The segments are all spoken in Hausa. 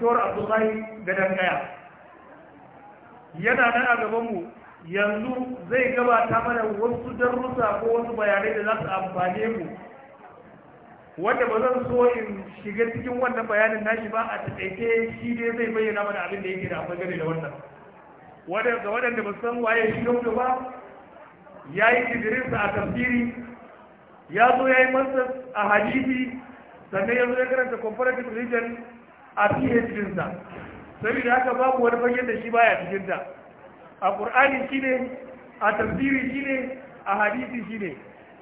tora Abdullahi Gadon Kaya. Yana nan a gabanmu yanzu zai gabata mana wasu darussa ko wasu bayanai da za su amfane mu. Wanda ba zan so in shiga cikin wannan bayanin nashi ba a taƙaice shi dai zai bayyana mana abin da yake da amfani game da wannan. Ga waɗanda ba san waye shi da ba, ya yi ƙidirinsa a tafsiri, ya zo ya yi masa a hadisi, sannan ya zo ya karanta comparative religion a cikin cikinsa da haka babu wani fagen da shi baya cikinta a ƙur'ani shi ne a tafsiri shi ne a hadisi shi ne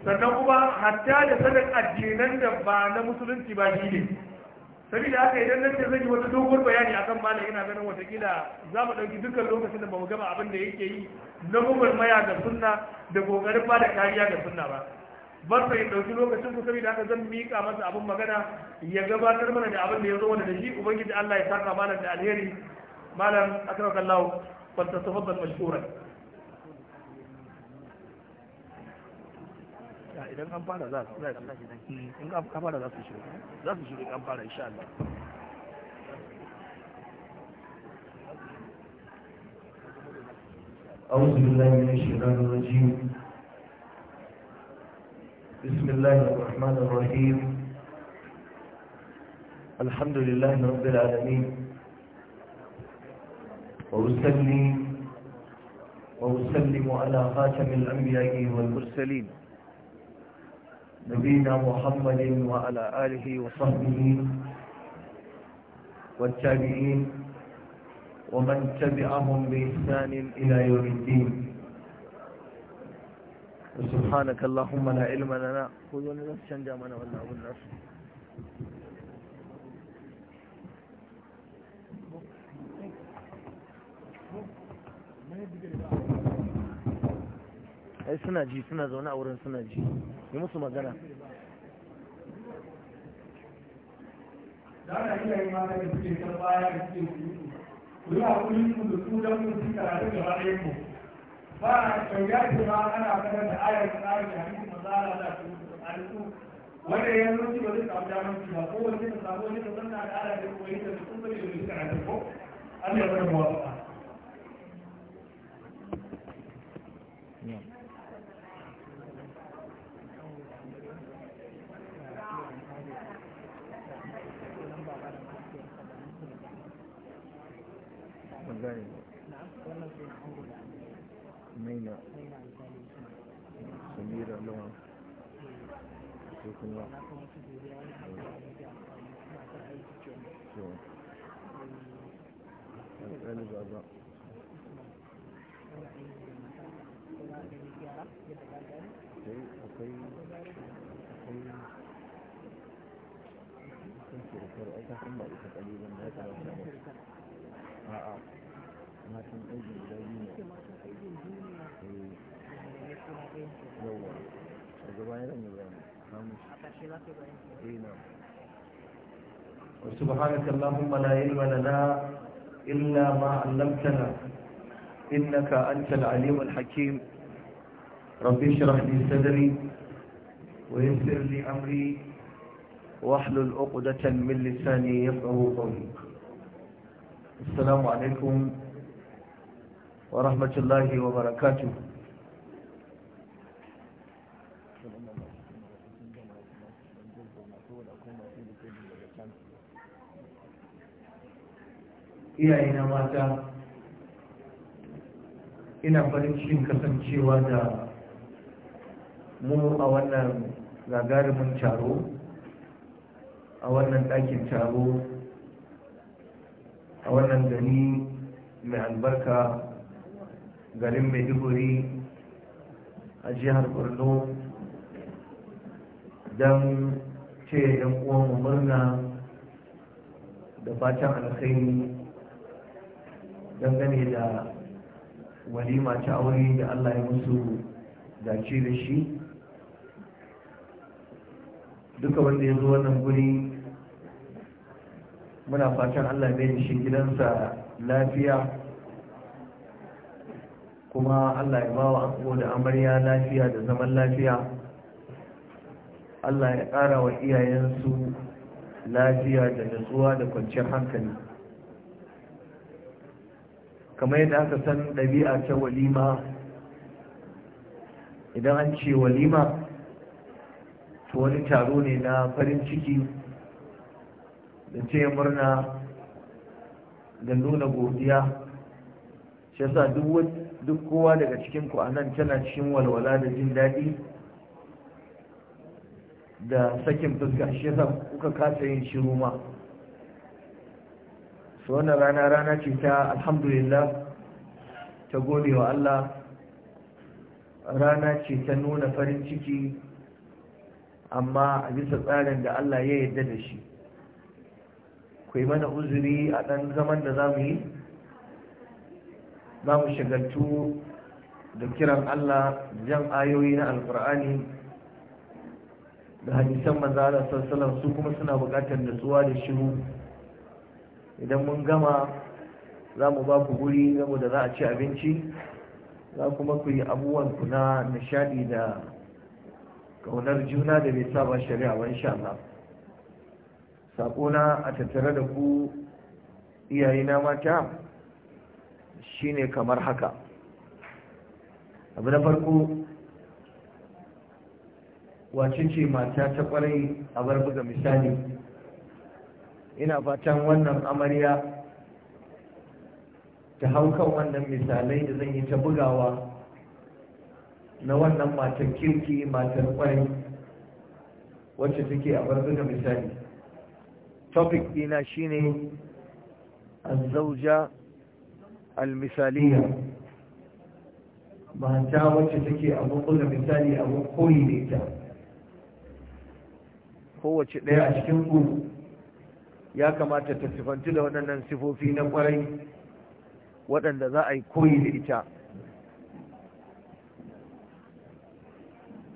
sannan kuma hatta da sanin addinan da ba na musulunci ba shi ne da haka idan nake zan yi wata dogon bayani akan bala ina ganin watakila za mu ɗauki dukkan lokacin da ba mu gama abin da yake yi na maya ga sunna da ƙoƙarin ba da kariya ga sunna ba bar sai dauki lokacin ku saboda haka zan mika masa abin magana ya gabatar mana da abin da ya zo mana da shi ubangiji Allah ya saka mana da alheri malam akraka Allah fal tafaddal mashkuran idan an fara za su in ka fara za su shi za su shi shiru an fara insha Allah أعوذ بالله من الشيطان الرجيم بسم الله الرحمن الرحيم الحمد لله رب العالمين وأسلم وأسلم على خاتم الأنبياء والمرسلين نبينا محمد وعلى آله وصحبه والتابعين ومن تبعهم بإحسان إلى يوم الدين سبحانك اللهم لا علم لنا خذوني بس شنجا منا ولا أبو الناس ai suna ji suna zaune a wurin suna yi musu magana da ana iya yi mata da baya da suke su yi a kullum don mu ba a kyauya ce ma ana kanar da ayar da tsarin da hadisi mazala da su alku wanda ya zo ba zai samu damar ci ba ko wani ta samu wani ta zanna da ala da koyi da sun bari da suka rata ko Allah ya أين سمير لون سكنوا الآن بابا أوكي أوكي أوكي shirkar ai إيه، نعم. وسبحانك اللهم لا علم لنا إلا ما علمتنا إنك أنت العليم الحكيم ربي اشرح لي صدري ويسر لي أمري واحلل عقدة من لساني يفقه قولي السلام عليكم ورحمة الله وبركاته iyayena mata ina farin cikin kasancewa da mu a wannan gagarumin taro a wannan ɗakin taro a wannan gani mai albarka garin mai maiduguri a jihar borno don ce yan uwanmu murna da fatan alkhairi dangane da walima ta aure da Allah ya musu dace da shi duka wanda ya zo wannan guri muna fatan Allah mai da shi gidansa lafiya kuma Allah ya bawa anko da amarya lafiya da zaman lafiya Allah ya ƙara wa iyayensu lafiya da nutsuwa da kwanciyar hankali kamar yadda aka san ɗabi'a ta walima idan an ce walima to wani taro ne na farin ciki da ce murna da nuna godiya shi yasa duk kowa daga cikin ku a nan tana cikin walwala da jin daɗi da sakin fuska shi yasa kuka kasa yin shiru ma su wannan rana rana ce ta alhamdulillah ta gode wa Allah rana ce ta nuna farin ciki amma a bisa tsarin da Allah ya yarda da shi kwai mana uzuri a ɗan zaman da za mu yi za mu shagaltu da kiran Allah jan ayoyi na alkur'ani da hadisan manzara sassalar su kuma suna buƙatar tsuwa da shiru idan mun gama za mu ba ku guri saboda za a ci abinci za kuma ku yi abubuwan ku na nishadi da kaunar juna da bai saba shari'a ba insha saƙona a tattare da ku iyayena mata shine kamar haka abu na farko wacin ce mata ta kwarai a bar buga misali ina fatan wannan amarya ta hau kan wannan misalai da zan yi ta bugawa na wannan matan kirki matan kwarai wacce take a barzuga misali topic dina shine azauja almisaliya mata wacce take a buga misali abin koyi da ita kowace ɗaya a cikin ku ya kamata ta sifanci da waɗannan sifofi na ƙwarai waɗanda za a yi koyi da ita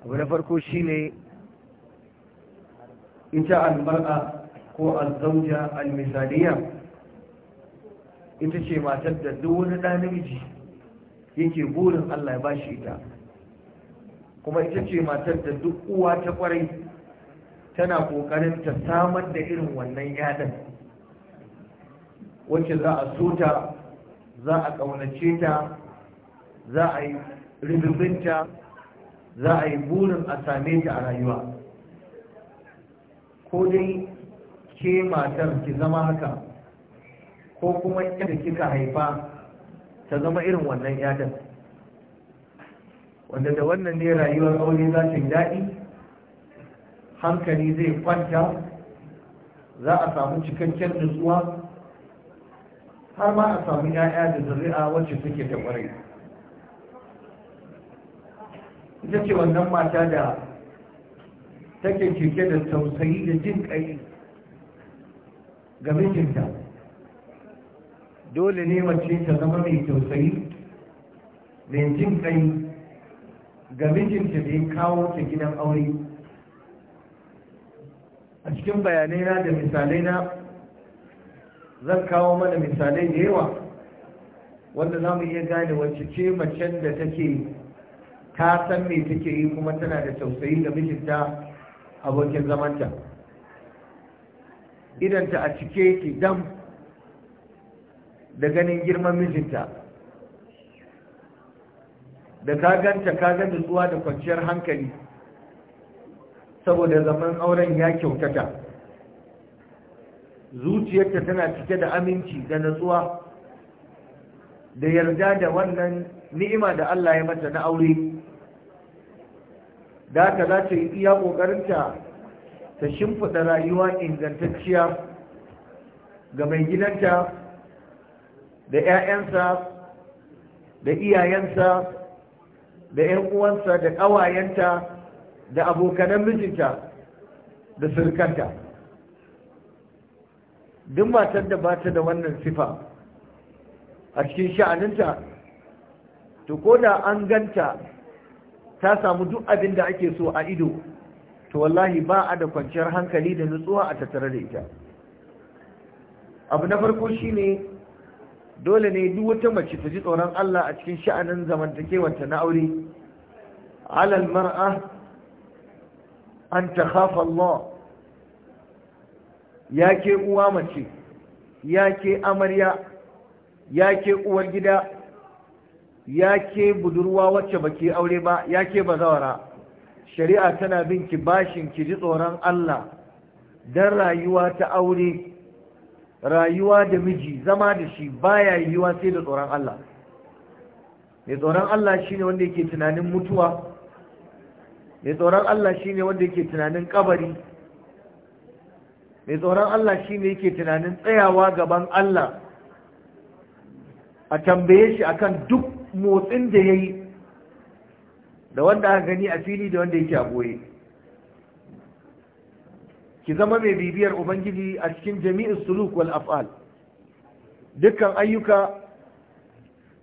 abu na farko shi shine ita almar'a ko alzauja almisaliya ita ce matar da duk wani ɗanamiji yake burin Allah ya bashi ita kuma ita ce matar da duk uwa ta ƙwarai. tana kokarin ta samar da irin wannan yadan wacce za a so ta za a ƙaunace ta za a yi ribibinta za a yi burin a same ta a rayuwa ko dai ke matar ki zama haka ko kuma yadda kika haifa ta zama irin wannan yadan wanda da wannan ne rayuwar aure za ta yi daɗi hankali zai kwanta za a samu cikakken nutsuwa har ma a samu 'ya'ya da zuri'a wacce suke da ƙwarai ita ce wannan mata da take keke da tausayi da jin ƙai ga mijinta dole ne mace ta zama mai tausayi mai jin ƙai ga mijinta da ya kawo ta gidan aure a cikin bayanaina da misalaina zan kawo mana misalai da yawa wanda za mu iya gane wacce ce macen da take ta san me take yi kuma tana da tausayi da mijinta abokin zamanta idanta a cike ke dam da ganin girman mijinta da ka ganta ka ga zuwa da kwanciyar hankali saboda zaman auren ya kyautata zuciyarta tana cike da aminci da natsuwa da yarda da wannan ni'ima da Allah ya mata na aure da haka za ta yi iya ƙoƙarinta ta shimfiɗa rayuwa ingantacciya ga mai gidanta da 'ya'yansa da iyayensa da 'yan uwansa da ƙawayenta da abokanan mijinta da surkanta duk matar da ba ta da wannan sifa a cikin sha'aninta to ko da an ganta ta samu duk abin da ake so a ido to wallahi ba a da kwanciyar hankali da nutsuwa a tattare da ita abu na farko shi ne, dole ne duk wata mace ta ji tsoron Allah a cikin sha'anin zamantakewanta na aure alal mar'a an ta Allah ya ke uwa mace ya ke amarya ya ke uwar gida ya ke budurwa wacce ba ke aure ba ya ke bazawara shari'a tana bin ki bashin ki ji tsoron Allah don rayuwa ta aure rayuwa da miji zama da shi baya yiwuwa sai da tsoron Allah mai tsoron Allah shine wanda yake tunanin mutuwa mai tsoron Allah shi ne wanda yake tunanin kabari mai tsoron Allah shi ne yake tunanin tsayawa gaban Allah a tambaye shi akan duk motsin da ya yi da wanda aka gani a fili da wanda yake a boye ki zama mai bibiyar ubangiji a cikin jami'in suluk wal af'al dukkan ayyuka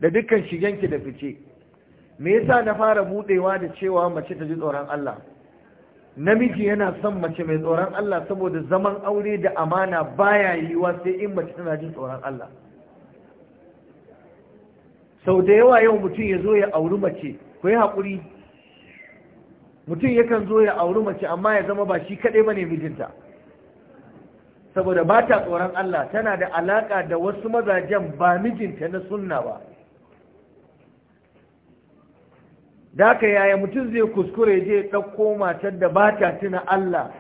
da dukkan shigenki da fice me yasa na fara budewa da cewa mace ta ji tsoron Allah namiji yana son mace mai tsoron Allah saboda zaman aure da amana baya yiwuwa sai in mace tana jin tsoron Allah sau da yawa yau mutum ya zo ya auri mace ku yi haƙuri mutum yakan zo ya auri mace amma ya zama ba shi kaɗai ba ne mijinta saboda ba ta tsoron Allah tana da alaƙa da wasu mazajen ba mijinta na sunna ba Daka yaya mutum zai kuskure je ɗauko matar da ba ta tuna Allah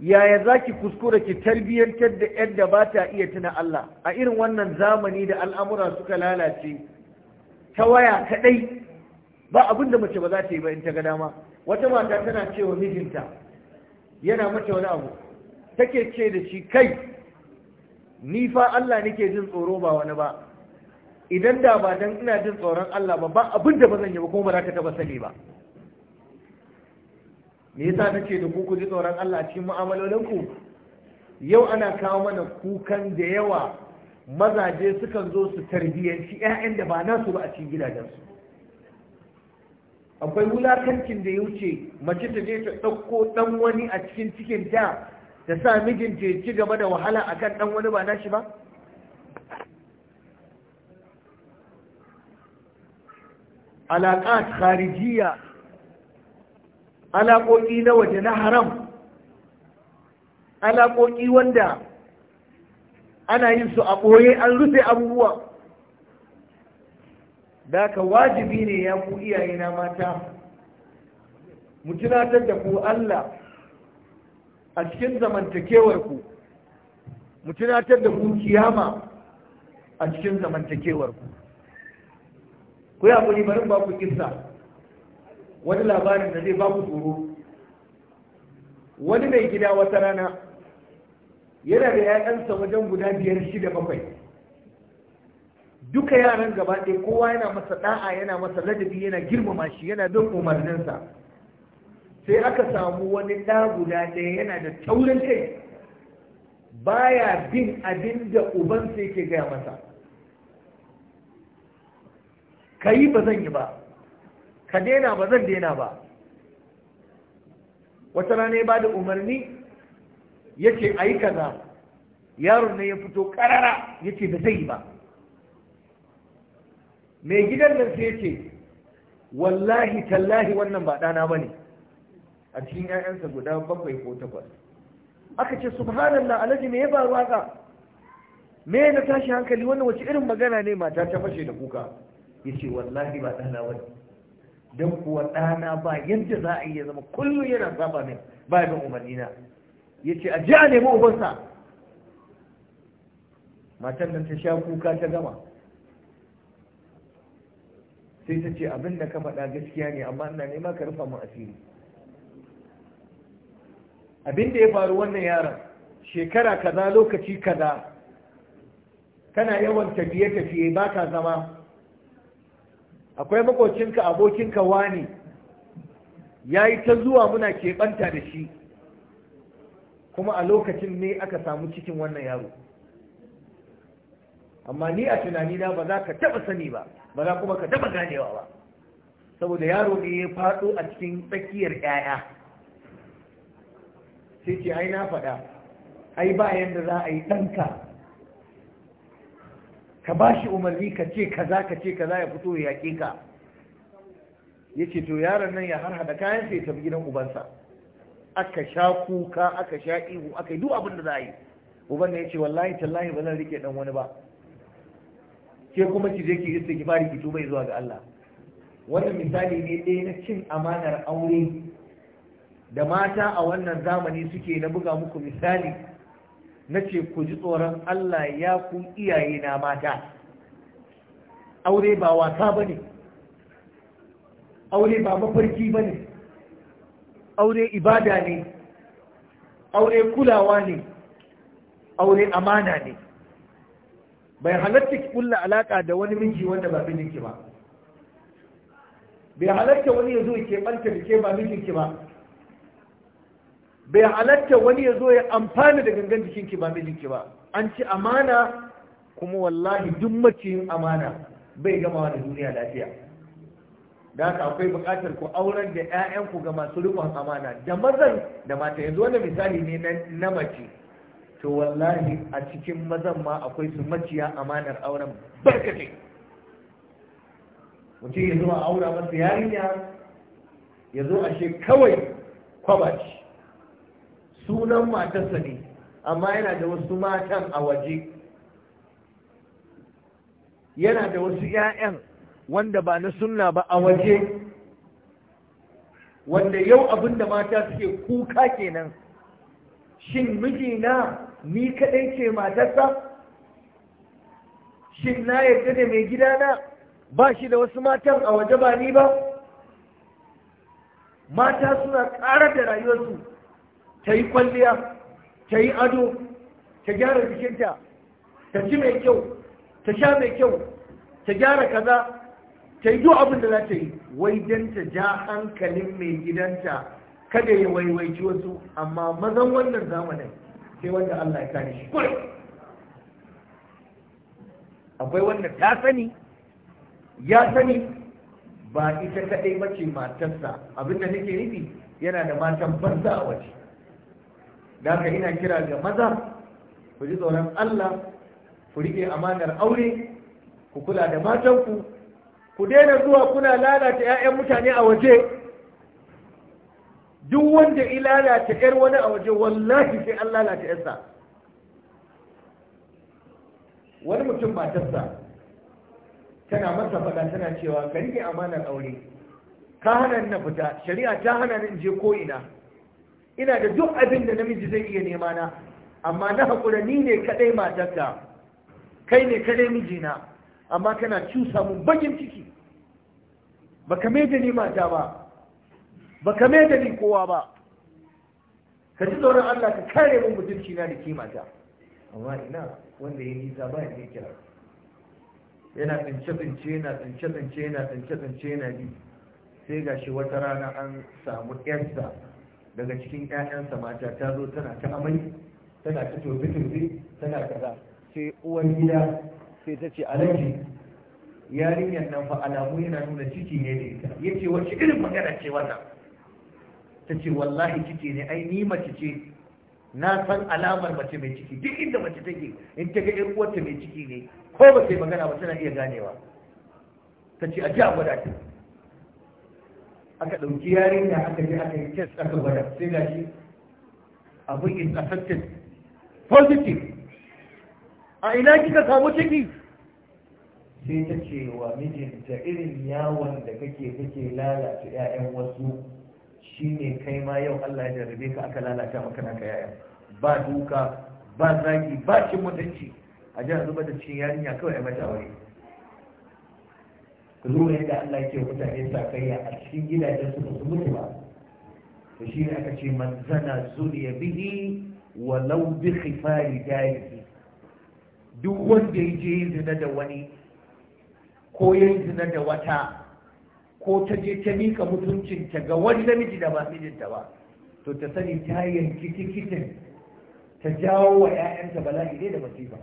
yaya za ki kuskure ki tarbiyyantar da yadda ba ta iya tuna Allah a irin wannan zamani da al'amura suka lalace ta waya kaɗai ba abin da mace ba za ta yi ba in ta ga dama wata mata tana cewa mijinta yana mata wani abu take ce da shi kai ni fa Allah nake jin tsoro ba wani ba idan da ba dan ina jin tsoron Allah ba ba abin da ba zan yi ba kuma ba za ka taba sani ba me yasa ce da ku ku ji tsoron Allah a cikin mu'amalolin yau ana kawo mana kukan da yawa mazaje sukan zo su tarbiyyanci 'ya'yan da ba nasu ba a cikin gidajensu akwai wulakancin da ya wuce mace ta je ta ɗauko ɗan wani a cikin cikin ta ta sa mijinta ya ci gaba da wahala akan ɗan wani ba nashi ba alaƙat kharijiya alaƙoƙi na waje na haram alaƙoƙi wanda ana yin su a ɓoye an rufe abubuwa da ka wajibi ne ya ku iyaye na mata mu tunatar da ku Allah a cikin zamantakewar mu tunatar da ku kiyama a cikin zamantakewar ku ku yi hakuri bari ba ku kisa wani labarin da zai ba ku tsoro wani mai gida wata rana yana da ‘ya'yansa wajen guda biyar shida bakwai duka yaran gaba ɗaya kowa yana masa ɗa'a yana masa ladabi yana girmama shi yana bin umarninsa sai aka samu wani ɗa guda ɗaya yana da taurin kai baya bin abin da ubansa yake gaya masa ka yi ba zan yi ba ka daina ba zan daina ba wata rana ya ba da umarni ya ce a yi kaza yaron ne ya fito karara ya ce ba zai yi ba mai gidan nan sai ya ce wallahi tallahi wannan ba dana ba ne a cikin 'ya'yansa guda bakwai ko takwas aka ce subhanallah alhaji me ya faru haka me na tashi hankali wannan wace irin magana ne mata ta fashe da kuka Yace wallahi ba dana ba Dan kuwa ɗana ba yadda za a iya zama kullum yana zaba min ba bin umarnina yace a ji a nemi ubansa matan nan ta sha kuka ta gama sai ta ce abin da ka faɗa gaskiya ne amma ina nema ka rufa mu asiri abin da ya faru wannan yaron shekara kaza lokaci kaza kana yawan tafiye-tafiye ba ka zama akwai makocinka abokinka wani ya yi ta zuwa muna keɓanta da shi kuma a lokacin ne aka samu cikin wannan yaro amma ni a tunanina ba za ka taɓa sani ba ba za kuma ka taɓa ganewa ba saboda yaro ne ya faɗo a cikin tsakiyar 'ya'ya sai ce ai na faɗa ai ba yadda za a yi ɗanka ka ba shi umarni ka ce kaza ka ce kaza ya fito ya ke ka ya ce to yaron nan ya harhada kayan sai ya tafi gidan ubansa aka sha kuka aka sha ihu aka yi duk abin da za a yi uban ne ya ce wallahi tallahi ba zan rike dan wani ba ke kuma ki je ki istighfari ki tuba zuwa ga Allah wannan misali ne ɗaya na cin amanar aure da mata a wannan zamani suke na buga muku misali na ce ku ji tsoron Allah ya ku iyaye na mata aure ba wasa ba ne aure ba mafarki ba ne aure ibada ne aure kulawa ne aure amana ne bai halatta ki kulla alaka da wani miji wanda ba mijinki ba bai halatta wani ya zo ke ɓanta da ke ba mijinki ba bai halatta wani ya zo ya amfana da gangan jikinki ba mijinki ba an ci amana kuma wallahi duk maciyin amana bai gama da duniya lafiya da haka akwai buƙatar ku auren da ku ga masu rikon amana da mazan da mata yanzu wani misali ne na mace to wallahi a cikin mazan ma akwai su maciya amanar auren barkatai mutum ya zo a aura masa yarinya ya zo a kawai kwabaci sunan matarsa ne amma yana da wasu matan a waje yana da wasu 'ya'yan wanda ba na sunna ba a waje wanda yau abin da mata suke kuka kenan shin mijina ni kadai ce matarsa shin na yadda da mai gidana ba shi da wasu matan a waje ba ni ba mata suna ƙara da rayuwarsu ta yi kwalliya ta yi ado ta gyara jikinta ta ci mai kyau ta sha mai kyau ta gyara kaza ta yi duk abin da za ta yi wai don ta ja hankalin mai gidanta kada ya waiwaici wasu amma mazan wannan zamanin sai wanda Allah ya kare shi akwai wanda ta sani ya sani ba ita kaɗai mace matarsa abinda nake nufi yana da matan banza a waje da haka ina kira ga maza ku ji tsoron Allah ku rike amanar aure ku kula da matanku ku daina zuwa kuna lalata 'ya'yan mutane a waje duk wanda ya lalata 'yar wani a waje wallahi sai an lalata 'yarsa wani mutum matarsa tana masa faɗa tana cewa ka rike amanar aure ka hana na fita shari'a ta hana ni in je ko ina ina da duk abin da namiji zai iya nema na amma na haƙura ni ne kaɗai matarka kai ne kaɗai mijina amma kana cusa mun bakin ciki ba ka da ni mata ba ba ka da ni kowa ba ka ji tsoron Allah ka kare mun mutunci na da kimata amma ina wanda ya nisa ba ya kira yana tsince-tsince yana tsince-tsince yana tsince-tsince yana bi sai ga shi wata rana an samu 'yarsa daga cikin ƴaƴansa mata ta zo tana ta amai tana ta tobi tobi tana kaza sai uwar gida sai ta ce alaji yarinyar nan fa alamu yana nuna ciki ne da ita yace wacce irin magana ce wannan ta ce wallahi ciki ne ai ni mace ce na san alamar mace mai ciki duk inda mace take in ta ga ƴar uwarta mai ciki ne ko ba sai magana ba tana iya ganewa ta ce a ji a gwada ta aka ɗauki yarinya aka je aka yi test aka gwada sai ga shi abin is affected positive a ina kika samu ciki sai ta ce wa mijinta irin yawon da kake kake lalata 'ya'yan wasu shine kai ma yau Allah ya jarrabe ka aka lalata maka naka 'ya'yan ba duka ba zagi ba cin mutunci a jihar a zuba da cikin yarinya kawai a mata aure ku nuna yadda Allah ke mutane kai a cikin gidajen su su mutu ba to shi ne aka ce man zana zuriya bihi law bi khifari darihi duk wanda ya zina da wani ko ya zina da wata ko ta je ta mika mutuncinta ga wani namiji da ba mijinta ba to ta sani ta yanki tikitin ta jawo wa 'ya'yanta bala'i ne da masifa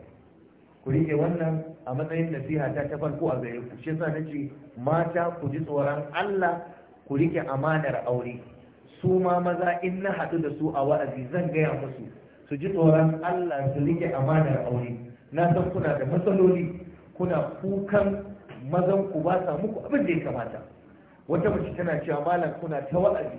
ku rike wannan a matsayin nasiha ta ta farko a gare ku shi na nace mata ku ji tsoron Allah ku rike amanar aure su ma maza in na haɗu da su a wa'azi zan gaya musu su ji tsoron Allah su rike amanar aure na san kuna da matsaloli kuna kukan mazan ku ba sa muku abin da ya kamata wata mace tana cewa malam kuna ta wa'azi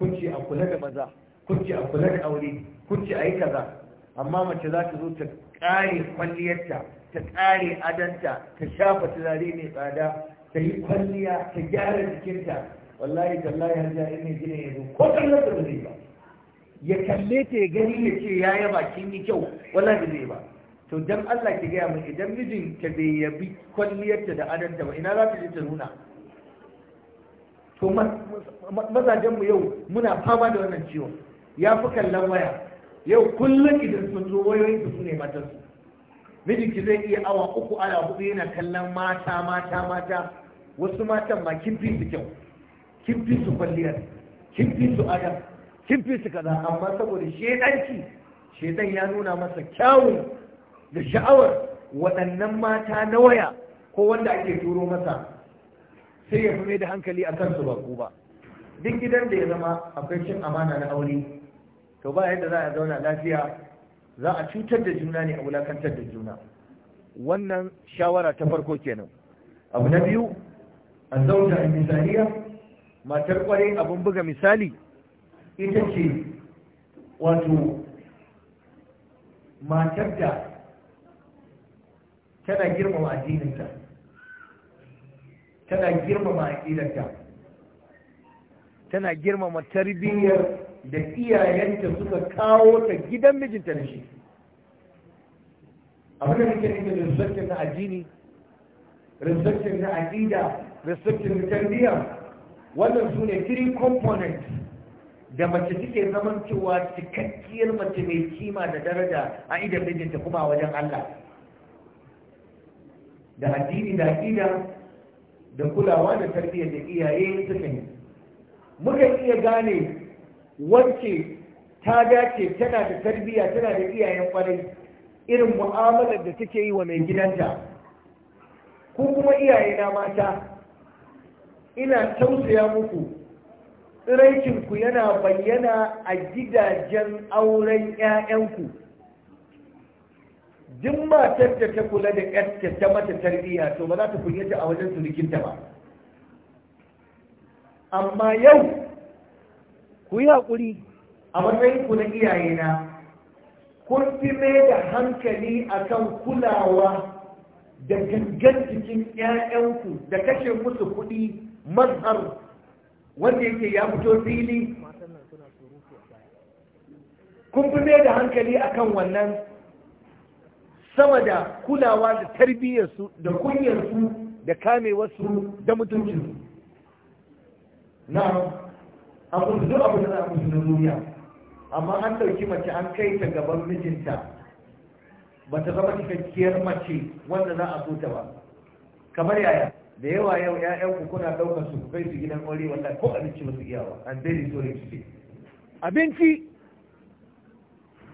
kun ce a kula da maza kun ce a kula da aure kun ce a yi kaza amma mace za ta zo ta Kare kwalliyarta ta kare adanta ta shafa turare mai tsada ta yi kwalliya ta gyara jikinta wallahi tallahi har jari mai gina yanzu ko kallon da zai ba ya kalle ta ya gani ya ce ya yaba kin yi kyau wallahi da zai ba to dan Allah ki gaya mu idan mijinta bai yabi kwalliyarta da adanta ba ina za ta je ta nuna to mazajenmu yau muna fama da wannan ciwon ya fi kallon waya yau kullum idan sun zo wayoyin su ne matansu mijinki zai iya awa uku ala hudu yana kallon mata mata mata wasu matan ma kin fi su kyau kin fi su kwalliya kin fi su adam kin fi su kaza amma saboda shedanci shedan ya nuna masa kyawun da sha'awar waɗannan mata na waya ko wanda ake turo masa sai ya fi mai da hankali a kansu ba ku ba duk gidan da ya zama akwai cin amana na aure to ba yadda za a zauna lafiya za a cutar da juna ne a wulakantar da juna wannan shawara ta farko kenan abu na biyu a zauna a misaliya matar kwarai abin buga misali ita ce wato matar da tana girmama addininta tana girmama aƙidarta tana girmama tarbiyyar da iyayenta suka kawo ta gidan mijinta da shi abin da muke nufi restriction na addini restriction na aƙida restriction na tarbiyya wannan su ne three da mace take zaman cewa cikakkiyar mace mai kima da daraja a idan mijinta kuma wajen Allah da addini da aƙida da kulawa da tarbiyyar da iyaye suka yi Muka iya gane wacce ta dace tana da tarbiyya tana da iyayen kwarai irin mu'amalar da take yi wa mai gidanta ko kuma iyaye na mata ina tausaya muku ku yana bayyana a gidajen auren 'ya'yanku duk matar da ta kula da ƴarta ta mata tarbiyya to ba za ta kunyata a wajen surukinta ba amma yau ku yi haƙuri a matsayin ku na iyayena na kun fi mai da hankali akan kulawa da gangan cikin 'ya'yanku da kashe musu kuɗi mazhar wanda yake ya fito fili kun fi mai da hankali akan wannan sama da kulawa da tarbiyyarsu da kunyarsu da kamewarsu da mutuncinsu na abin duk abin da za a musu na duniya amma an ɗauki mace an kai ta gaban mijinta ba ta zama cikakkiyar mace wanda za a so ta ba kamar yaya da yawa yau ƴaƴanku kuna ɗaukar su ku kai su gidan aure wanda ko abinci ba su iya ba an daidai so ne su abinci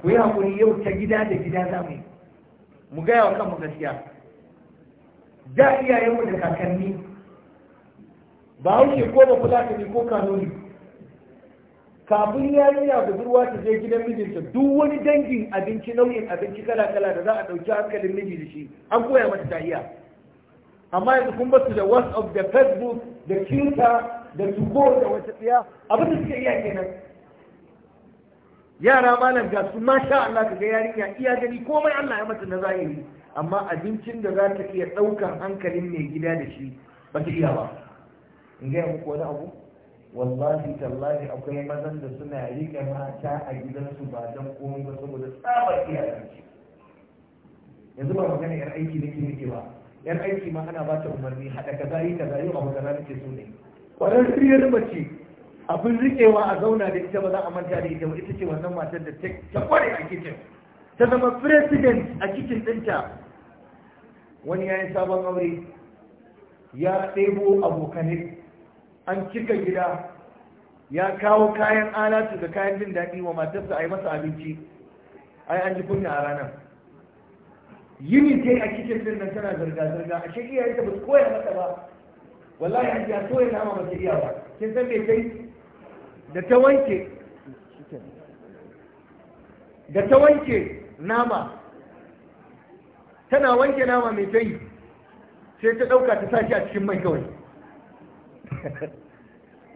ku yi haƙuri yau ta gida da gida za mu yi mu gaya wa kanmu gaskiya da iyayenmu da kakanni ba wuce ko ba kula ka ne ko kanoni kafin yarinya ruwa ta je gidan mijinta duk wani dangin abinci nau'in abinci kala kala da za a ɗauki hankalin miji da shi an koya mata ta amma yanzu kun basu da whatsapp da facebook da twitter da tubo da wata tsiya abin da suka iya kenan yara malam ga su masha Allah ka ga yarinya iya gani komai Allah ya mata na zahiri amma abincin da za ta iya ɗaukar hankalin mai gida da shi ba ta iya ba in gaya muku wani abu wallahi tallahi akwai mazan da suna riƙe mata a gidansu ba don komai ba saboda tsabar iyayensu yanzu ba magana yan aiki nake nake ba yan aiki ma ana ba ta umarni haɗa kaza yi kaza yau abu kaza nake so ne ƙwararriyar mace abin riƙewa a zauna da ita ba za a manta da ita ba ita ce wannan matar da ta kware a kicin ta zama president a kicin ɗinta wani ya yi sabon aure ya ɗebo abokanai an cika gida ya kawo kayan alatu da kayan jin daɗi wa matarsa a yi masa abinci ai an ji kunya a ranar yini ce a kicin din nan tana zirga-zirga a shi iyayen ta ba koya mata ba wallahi an ya soya ya nama mata iya ba kin san me kai da ta wanke da ta wanke nama tana wanke nama mai kai sai ta ɗauka ta sa shi a cikin mai kawai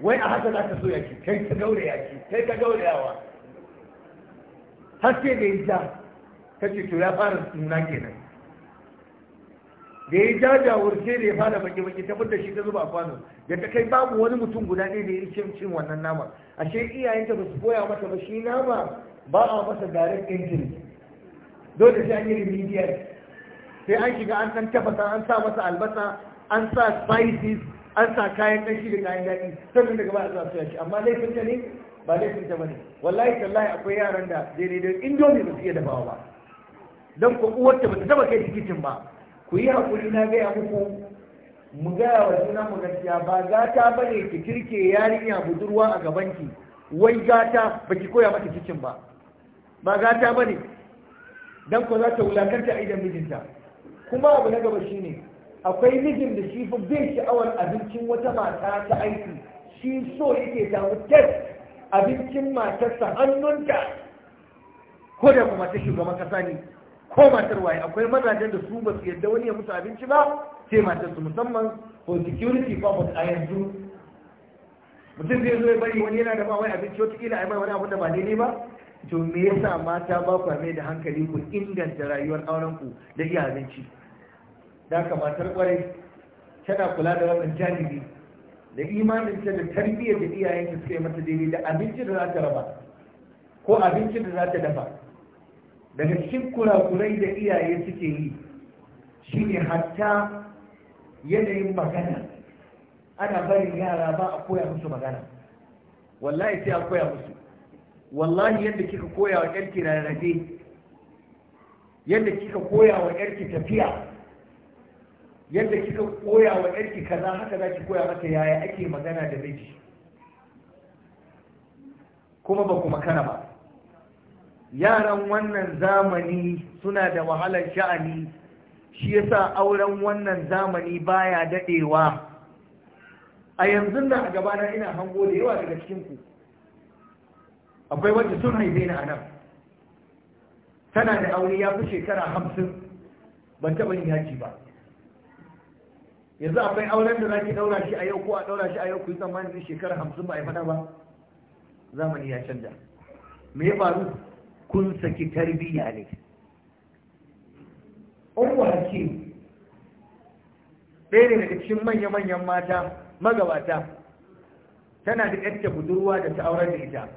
wai a haka za ka so yaki kai ka gaure yaki kai ka gaure yawa haske da ya ja ka ce to ya fara nuna kenan da ya ja jawurce da ya fara baki baki ta da shi ta zuba a kwano da ta kai babu wani mutum guda ɗaya da ya cin cin wannan nama ashe iyayenta ba su koya mata ba shi nama ba a masa garin injury dole sai an yi remedial sai an shiga an san tafasa an sa masa albasa an sa spices an sa kayan ƙanshi da kayan daɗi sannan daga ba a zuwa shi amma laifin ta ne ba laifin ta bane wallahi tallahi akwai yaran da daidai da indomi ba su iya dafawa ba don ko uwar ta ba ta taba kai tikitin ba ku yi hakuri na gaya muku mu gaya wa juna mu gaskiya ba gata bane ki kirke yarinya budurwa a gabanki wai gata baki koya mata tikitin ba ba gata bane dan ko za ta wulakanta a idan mijinta kuma abu na gaba shine akwai mijin da shi fa bai sha'awar abincin wata mata ta aiki shi so yake samu test abincin matarsa hannunta ko da kuma ta shugaban kasa ne ko matar waye akwai mazajen da su ba su yarda wani ya musu abinci ba sai matar musamman for security purpose a yanzu mutum zai zo ya bari wani yana da ba wai abinci wata kila ai mai wani abu da ba daidai ba to me yasa mata ba ku mai da hankali ku inganta rayuwar auren ku da iya abinci da kamatar matar kwarai tana kula da wannan jariri da imanin ta da tarbiyyar da iyayenta suka yi mata daidai da abinci da za ta raba ko abincin da za ta dafa daga cikin kurakurai da iyaye suke yi shine hatta yanayin magana ana barin yara ba a koya musu magana wallahi sai a koya musu wallahi yadda kika koya wa yarki rarrabe yadda kika koya wa yarki tafiya yadda kika koya wa yarki kaza haka za ki koya mata yaya ake magana da miji kuma ba ku makara ba yaran wannan zamani suna da wahalar sha'ani shi yasa auren wannan zamani baya daɗewa. a yanzu da a gabana ina hango da yawa daga cikinku akwai wacce sun haife ni a nan tana da aure ya fi shekara hamsin ban taɓa yin yaji ba yanzu akwai auren da zaki daura shi a yau ko a daura shi a yau ku yi tsammanin ne shekara hamsin ba a yi fada ba zamani ya canja me ya faru kun saki tarbiyya ne umu hakim ɗaya ne daga cikin manya-manyan mata magabata tana da yadda budurwa da ta auren da ita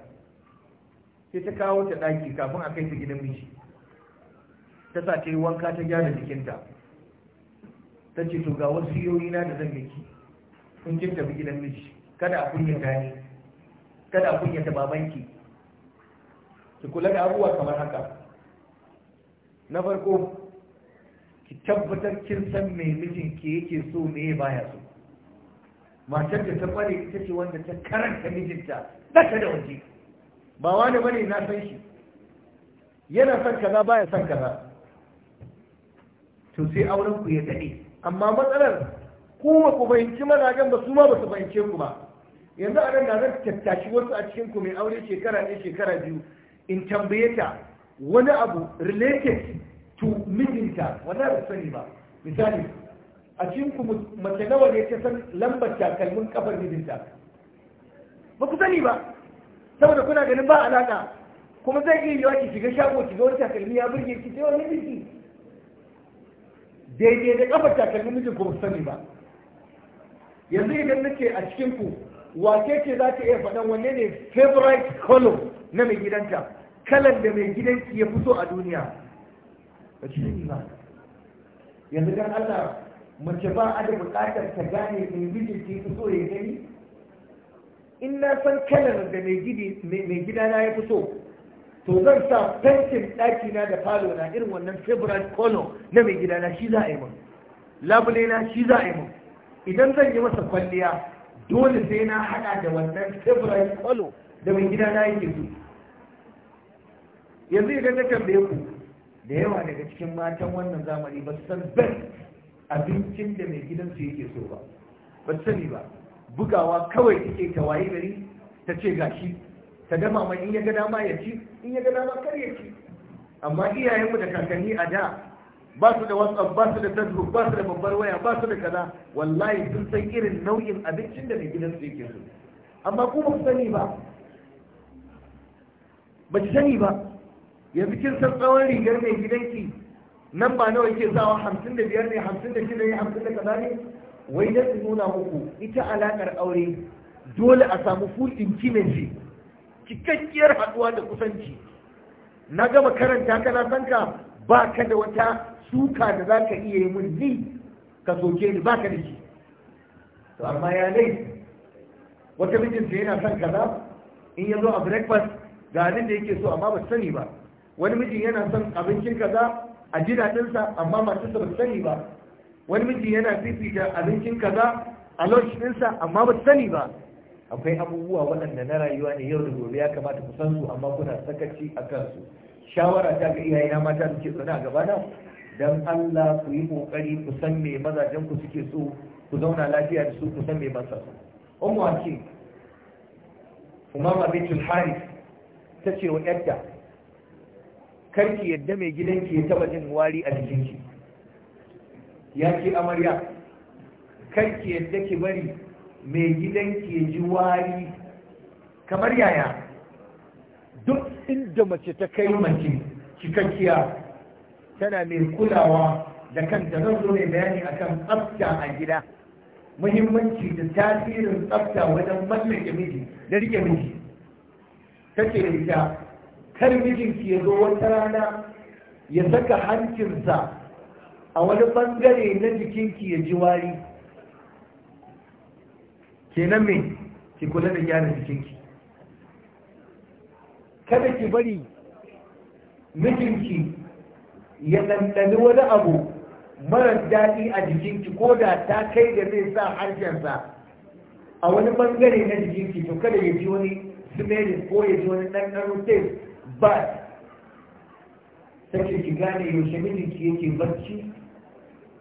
sai ta kawo ta ɗaki kafin a kai ta gidan miji ta sa ta yi wanka ta gyara jikinta ta ce to ga wasiyoyi na da zan miki sun kin tafi gidan miji kada a kunya gani kada a kunya ta babanki ki kula da abubuwa kamar haka na farko ki tabbatar kin san me mijinki yake so me baya so matar da ta kware ita ce wanda ta karanta mijinta da ta da waje ba wani bane na san shi yana son kaza baya son kaza to sai auren ku ya dade amma matsalar ku ba ku fahimci mazajen ba su ma ba su fahimce ku ba yanzu a nan na zan tattashi wasu a cikin ku mai aure shekara ne shekara biyu in tambaye ta wani abu related to mijinta wanda ba sani ba misali a cikin ku mace nawa ne ta san lambar takalmin kafar mijinta ba ku sani ba saboda kuna ganin ba alaka kuma zai iya yiwa ki shiga shago shiga wani takalmi ya burge ki sai wani mijinta daidai da kafar takalmin mijin ku sani ba yanzu idan nake a cikin ku wace ce za ta iya faɗan wanne ne favorite color na mai gidanta kalan da mai gidanki ya fito a duniya a cikin ba yanzu dan Allah mace ba a da buƙatar ta gane mai mijin ki fito ya gani in na san kalan da mai gidana ya fito to zan sa fentin na da falo na irin wannan favorite color na mai gida na shi za a yi mun labule na shi za a yi mun idan zan yi masa kwalliya dole sai na haɗa da wannan favorite color da mai na yake so yanzu idan na tambaye ku da yawa daga cikin matan wannan zamani ba su san best abincin da mai gidansu yake so ba ba sani ba bugawa kawai take ta wayi gari ta ce gashi ta gama mai in ya ga dama ya ci in ya ga dama kar ya ci amma iyayenmu da kakanni a da ba su da whatsapp ba su da facebook ba su da babbar waya ba su da kaza wallahi sun san irin nau'in abincin da mai gidansu yake so amma ku ba ku sani ba ba ki sani ba yanzu kin san tsawon rigar mai gidanki nan ba nawa yake zawa hamsin da biyar ne hamsin da shida ne hamsin da kaza ne wai dan su nuna muku ita alakar aure dole a samu full intimacy cikakkiyar haɗuwa da kusanci na gama karanta ka na san ka ba ka da wata suka da za ka iya yi mun ni ka soke ni ba ka da shi to amma ya laifi wata sai yana son kaza in ya zo a breakfast ga abin da yake so amma ba sani ba wani mijin yana son abincin kaza a gidajensa, amma amma su ba sani ba wani mijin yana fifita abincin kaza a lunch ɗinsa amma ba sani ba akwai abubuwa waɗanda na rayuwa ne yau da gobe ya kamata ku san su amma kuna sakaci a kansu shawara ta ga iyayena mata da ke tsana a gabana dan Allah ku yi kokari ku san me mazajen ku suke so ku zauna lafiya da su ku san me ba sa so ummu hakim umama bintul harith ce wa yadda karki yadda mai gidanki ya taba jin wari a jikinki ya ce amarya karki yadda ki bari mai gidan ke ji wari kamar yaya duk inda mace ta kai mace cikakkiya tana mai kulawa da kanta zan zo mai bayani akan tsafta a gida muhimmanci da tasirin tsafta wajen mallake miji da rike miji ce da ita kar mijinki ya zo wata rana ya saka hancinsa a wani bangare na jikinki ya ji wari kenan mai ki kula da gyara jikinki kada ki bari mijinki ya ɗanɗani wani abu mara daɗi a jikinki ko da ta kai da zai sa harshensa a wani bangare na jikinki to kada ya ji wani smelling ko ya ji wani ɗanɗano taste ba sai ki gane yaushe mijinki yake barci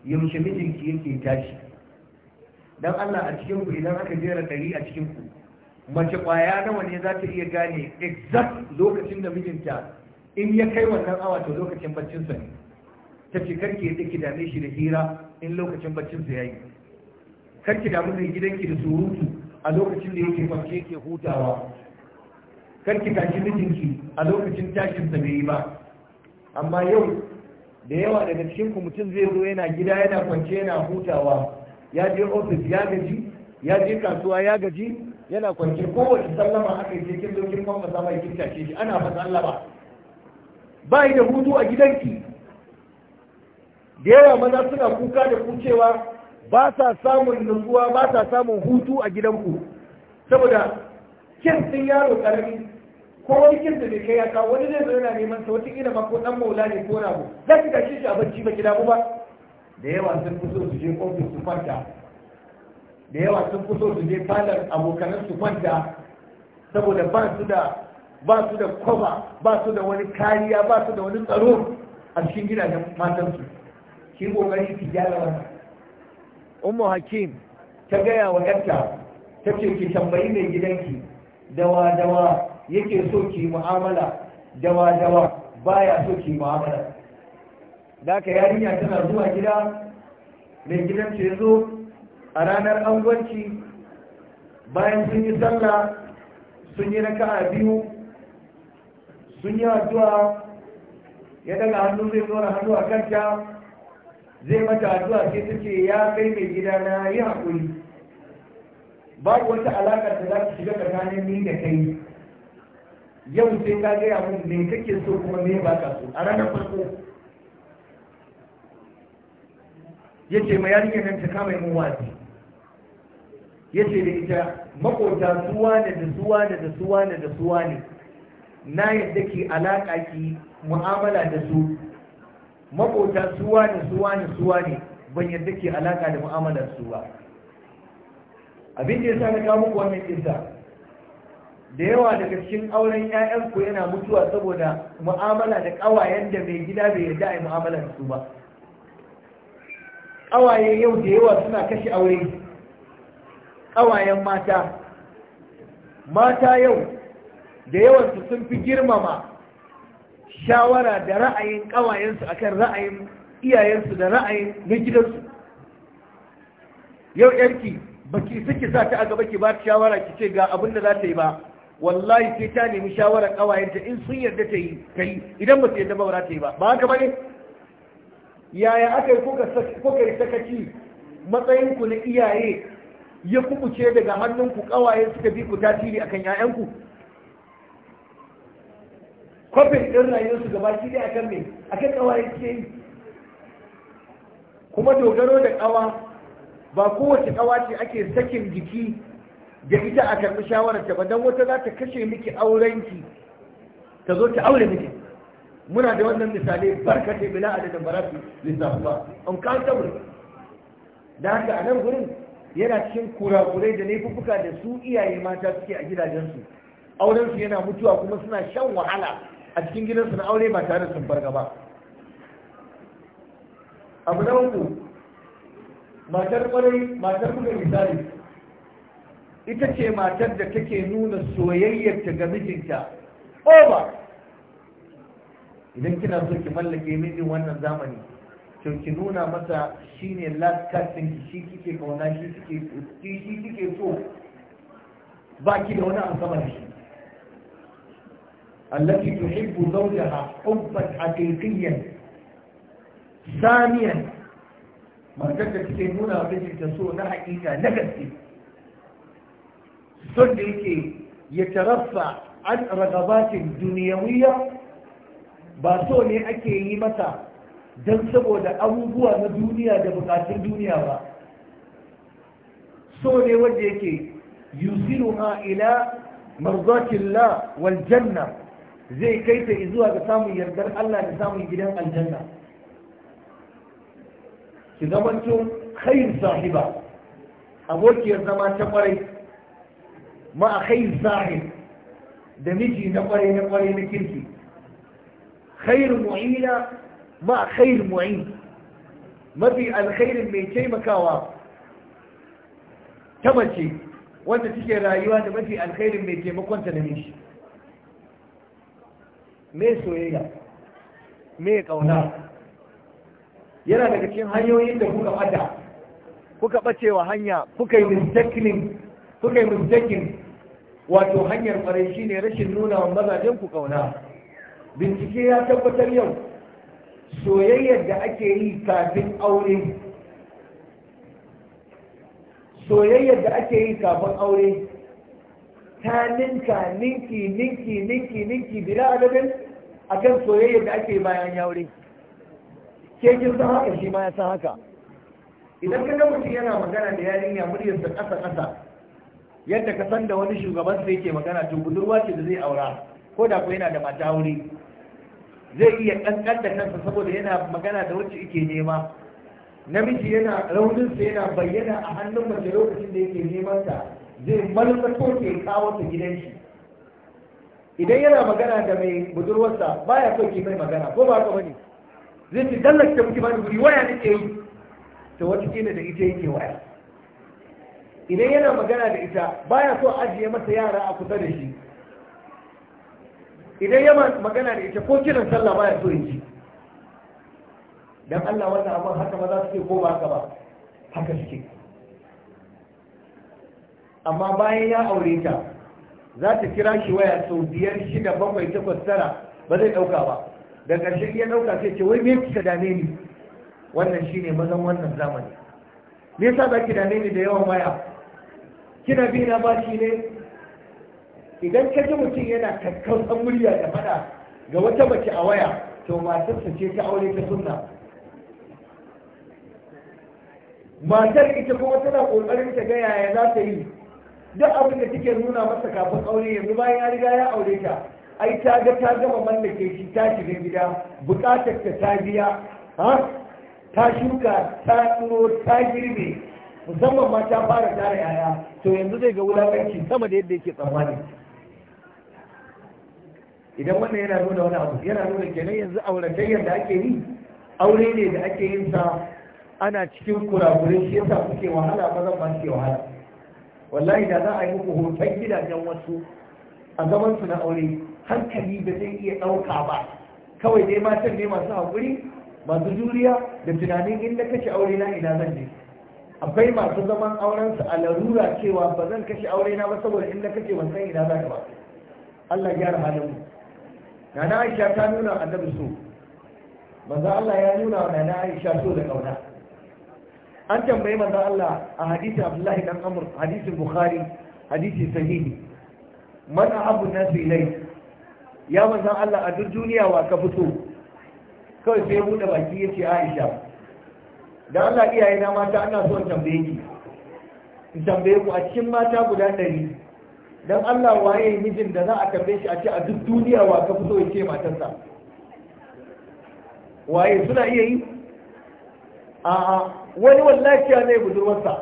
yaushe mijinki yake tashi dan Allah a cikin ku idan aka jera ɗari a cikin ku mace kwaya nawa ne za ta iya gane exact lokacin da mijinta in ya kai wannan awa to lokacin baccinsa ne ta ce karki ya take dame shi da hira in lokacin baccinsa ya yi karki damu da ki da surutu a lokacin da yake kwance yake hutawa karki tashi mijinki a lokacin tashinsa bai yi ba amma yau da yawa daga cikin ku mutum zai zo yana gida yana kwance yana hutawa ya je ofis ya gaji ya je kasuwa ya gaji yana kwanci kowace sallama aka yi cikin dokin kwan fasa mai kintace shi ana fasa Allah ba ba da hutu a gidanki da yawa maza suna kuka da ku cewa ba sa samun nutsuwa ba sa samun hutu a gidanku saboda kin sun yaro karami ko wani kin da bai kai ya kawo wani zai zo yana neman sa wata kila ma ko dan maula ne ko na mu za ki gashi shi a bacci ba ki damu ba da yawa sun fito su je ofis su kwanta da yawa sun fito su je falon abokanan su kwanta saboda ba su da ba su da kwaba ba su da wani kariya ba su da wani tsaro a cikin gidajen matansu ki kokari ki gyara wannan ummu hakim ta gaya wa yarta ta ce ki tambayi mai gidanki dawa dawa yake so ki mu'amala dawa dawa baya so ki mu'amala da ka yarinya tana zuwa gida mai gidan ce zo a ranar angwanci bayan sun yi sallah sun yi a biyu sun yi addu'a ya daga hannu zai zo na hannu a kanta zai mata addu'a sai suke ya kai mai gida na yi haƙuri babu wata alaƙar da za ta shiga tsakanin ni da kai yau sai ka gaya mun me kake so kuma me ba ka so a ranar farko ya ce ma yarinyar nan ta kama yin wa'azi ya ce da ita makota suwa ne da suwa ne da suwa ne da suwa ne na yadda ke alaƙa ki mu'amala da su makota suwa ne suwa ne suwa ne ban yadda ke alaƙa da mu'amala su ba abin da ya sa na kawo muku wannan da yawa daga cikin auren 'ya'yanku yana mutuwa saboda mu'amala da ƙawayen da mai gida bai yarda a yi mu'amalar su ba Ƙawayen yau da yawa suna kashe aure ƙawayen mata mata yau da yawansu sun fi girmama shawara da ra'ayin ƙawayensu akan ra'ayin iyayensu da ra'ayin na gidansu yau yarki baki suke sa ta a gaba ki ba shawara ki ce ga abin da za ta yi ba wallahi sai ta nemi shawarar ƙawayenta in sun yarda ta yi idan ba su yarda ba ba za ta yi ba ba haka ba ne yaya aka yi kuka yi sakaci matsayinku na iyaye ya kubuce daga hannunku kawaye suka bi ku tasiri akan 'ya'yanku kofin ɗin rayuwarsu gaba shi dai akan mai akan kawaye suke yi kuma dogaro da kawa ba kowace kawa ce ake sakin jiki da ita a karɓi shawararta ba don wata za ta kashe miki aurenki ta zo ta aure miki muna da wannan misalai barkace bila adadin barafi lissafi ba uncountable da haka a nan gurin yana cikin kurakurai da laifuffuka da su iyaye mata suke a gidajensu aurensu yana mutuwa kuma suna shan wahala a cikin gidansu na aure ba tare da sun farga ba abu na uku matar kwarai matar kuma misali ita ce matar da take nuna soyayyarta ga mijinta over idan kina so ki mallake mini wannan zamani to ki nuna masa shine last card din ki shi kike kauna shi kike shi kike so ba ki da wani amsa allati tuhibbu zawjaha hubban haqiqiyyan Saniyan. matar da kike nuna wa kike ta so na hakika na gaske son da yake ya tarafa an ragabatin duniyawiyar ba so ne ake yi masa don saboda abubuwa na duniya da bukatun duniya ba so ne wanda yake ha, ila marzakin, wal janna zai kai ta zuwa ga samun yardar Allah da samun gidan aljanna ki zamanto khair sahiba abokiyar zama ta kwarai ma a khair sahib da miji na kwarai na kwarai na kirki khairu mu'ina ma khairu mu'in mafi alkhairin mai taimakawa ta mace wanda take rayuwa da mafi alkhairin mai taimakon ta namiji me soyayya me kauna yana daga cikin hanyoyin da kuka kuka bacewa hanya kuka yi mistakin kuka yi mistakin wato hanyar farai shine rashin nuna wa mazajen ku kauna bincike ya tabbatar yau soyayyar da ake yi kafin aure soyayyar da ake yi kafin aure ta ninka ninki ninki ninki ninki bila a akan soyayyar da ake bayan ya aure ke kin san haka shi ma ya san haka idan ka ga mutum yana magana da yarinya muryarsa ƙasa ƙasa yadda ka san da wani shugaban sa yake magana tun budurwa ce da zai aura ko da ko yana da mata aure zai iya ɗanɗan da kansa saboda yana magana da wacce yake nema namiji yana rauninsa yana bayyana a hannun mace lokacin da yake neman ta zai malmato ke kawo ta gidan shi idan yana magana da mai budurwarsa baya so ke mai magana ko ba ka bane zai ci dallaka miki bani guri waya nake yi to wata kila da ita yake waya idan yana magana da ita baya so ajiye masa yara a kusa da shi idan ya magana da ita ko kiran sallah ba ya so yi dan Allah wannan abin haka ba za su ce ko ba haka ba haka suke amma bayan ya aure ta za ta kira shi waya sau biyar shida bakwai takwas tara ba zai ɗauka ba da ƙarshe iya ɗauka sai ce wai me kika dame ni wannan shine mazan wannan zamani me yasa za ki dame ni da yawan waya kina bi na bashi ne idan ka ji mutum yana kakkausan murya da fada ga wata mace a waya to matarsa ce ta aure ta sunna matar ita kuma tana kokarin ta ga yaya za ta yi duk abin da take nuna masa kafin aure yanzu bayan ya riga ya aure ta ai ta ga ta gama mallake shi ta shiga gida bukatar ta ta biya ha ta shuka ta tsiro ta girbe musamman ma ta fara tara yaya to yanzu zai ga wulakanci sama da yadda yake tsammani idan wannan yana nuna wani abu yana nuna kenan yanzu auratayyar da ake yi aure ne da ake yin sa ana cikin kurakurai shi yasa kuke wahala ba zan ba ke wahala wallahi da za a yi muku hoton gidajen wasu a zaman su na aure hankali da zai iya ɗauka ba kawai dai matan ne masu haƙuri masu juriya da tunanin in na kashe aure na ina zan je akwai masu zaman auren su a larura cewa ba zan kashe aure na ba saboda in na kashe ban san ina za ka ba Allah ya halin mu nana aisha ta nuna annabi so manzo Allah ya nuna wa nana aisha so da kauna an tambayi manzo Allah a hadisi Abdullahi dan Amr hadisi Bukhari hadisi sahihi man abu nasu ilai ya manzo Allah a duk duniya wa ka fito kawai sai bude baki yace Aisha da Allah iyayena mata ana so tambaye ki in tambaye ku a cikin mata guda ɗari dan Allah waye mijin da za a tambaye shi a ce a duk duniya wa ka fito ya matarsa waye suna iya yi a wani wallahi ya ne budurwarsa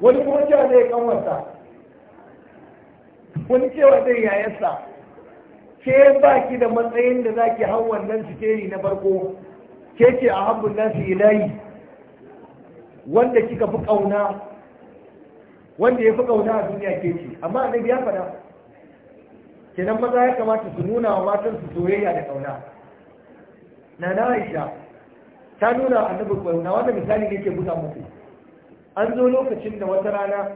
wani kuma cewa zai kanwarsa wani cewa zai yayarsa ke ba ki da matsayin da zaki hau wannan sikeri na farko ke ce a hambun nasu ilayi wanda kika fi ƙauna wanda ya fi kauna a duniya ke ce amma annabi ya faɗa kenan maza ya kamata su nuna wa matan su soyayya da kauna na na aisha ta nuna annabi kauna wanda misali ne ke buga muku an zo lokacin da wata rana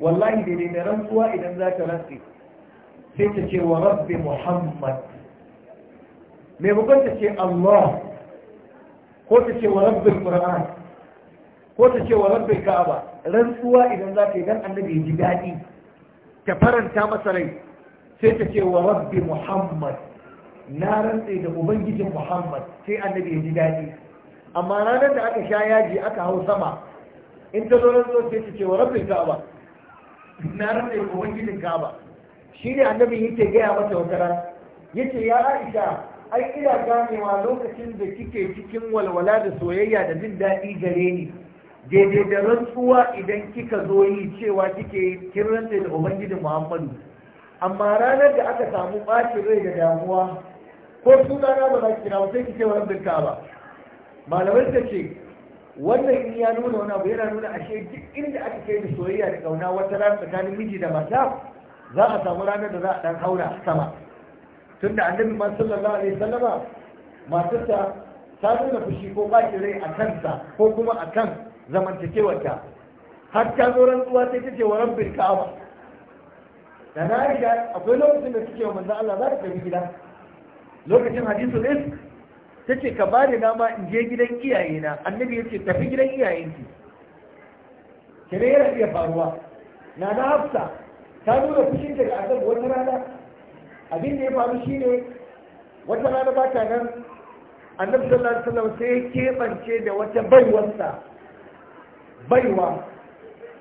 wallahi da da rantsuwa idan za ta rantsi sai ta ce wa rabbi muhammad mai bukwai ta ce allah ko ta ce wa rabbi qur'an ko ta ce wa rabbi ka'aba rantsuwa idan za ta yi dan annabi ya ji daɗi ta faranta masa rai sai ta ce wa rabbi muhammad na rantse da ubangijin muhammad sai annabi ya ji daɗi amma ranar da aka sha yaji aka hau sama in ta zo rantsuwa sai ta ce wa rabbi ka'aba na rantse da ubangijin ka'aba shi ne annabi yake gaya mata wata rana yace ya aisha ai ina ganewa lokacin da kike cikin walwala da soyayya da jin daɗi gare ni daidai da rantsuwa idan kika zo yi cewa kike kin da ubangijin muhammadu amma ranar da aka samu bacin rai da damuwa ko sunana ba za ki kira sai ki ce wa ba malamai ta ce wannan in ya nuna wani abu yana nuna ashe duk inda aka kai da soyayya da kauna wata rana tsakanin miji da mata za a samu ranar da za a dan haura sama tunda annabi ma sallallahu alaihi wasallama matarsa ta nuna fushi ko bacin rai a kansa ko kuma a kan zamantakewarta har ta zo rantsuwa sai ta ce wa rabbin ka'aba da na riga akwai lokacin da suke wa manzan Allah za ka tafi gida lokacin hadisu ne ta ce ka bada dama in je gidan iyayena annabi ya ce tafi gidan iyayenki ne yana iya faruwa na na hafsa ta nuna fushin daga azab wata rana abin da ya faru shine wata rana ba ta nan annabi sallallahu alaihi wasallam sai ya keɓance da wata baiwarsa baiwa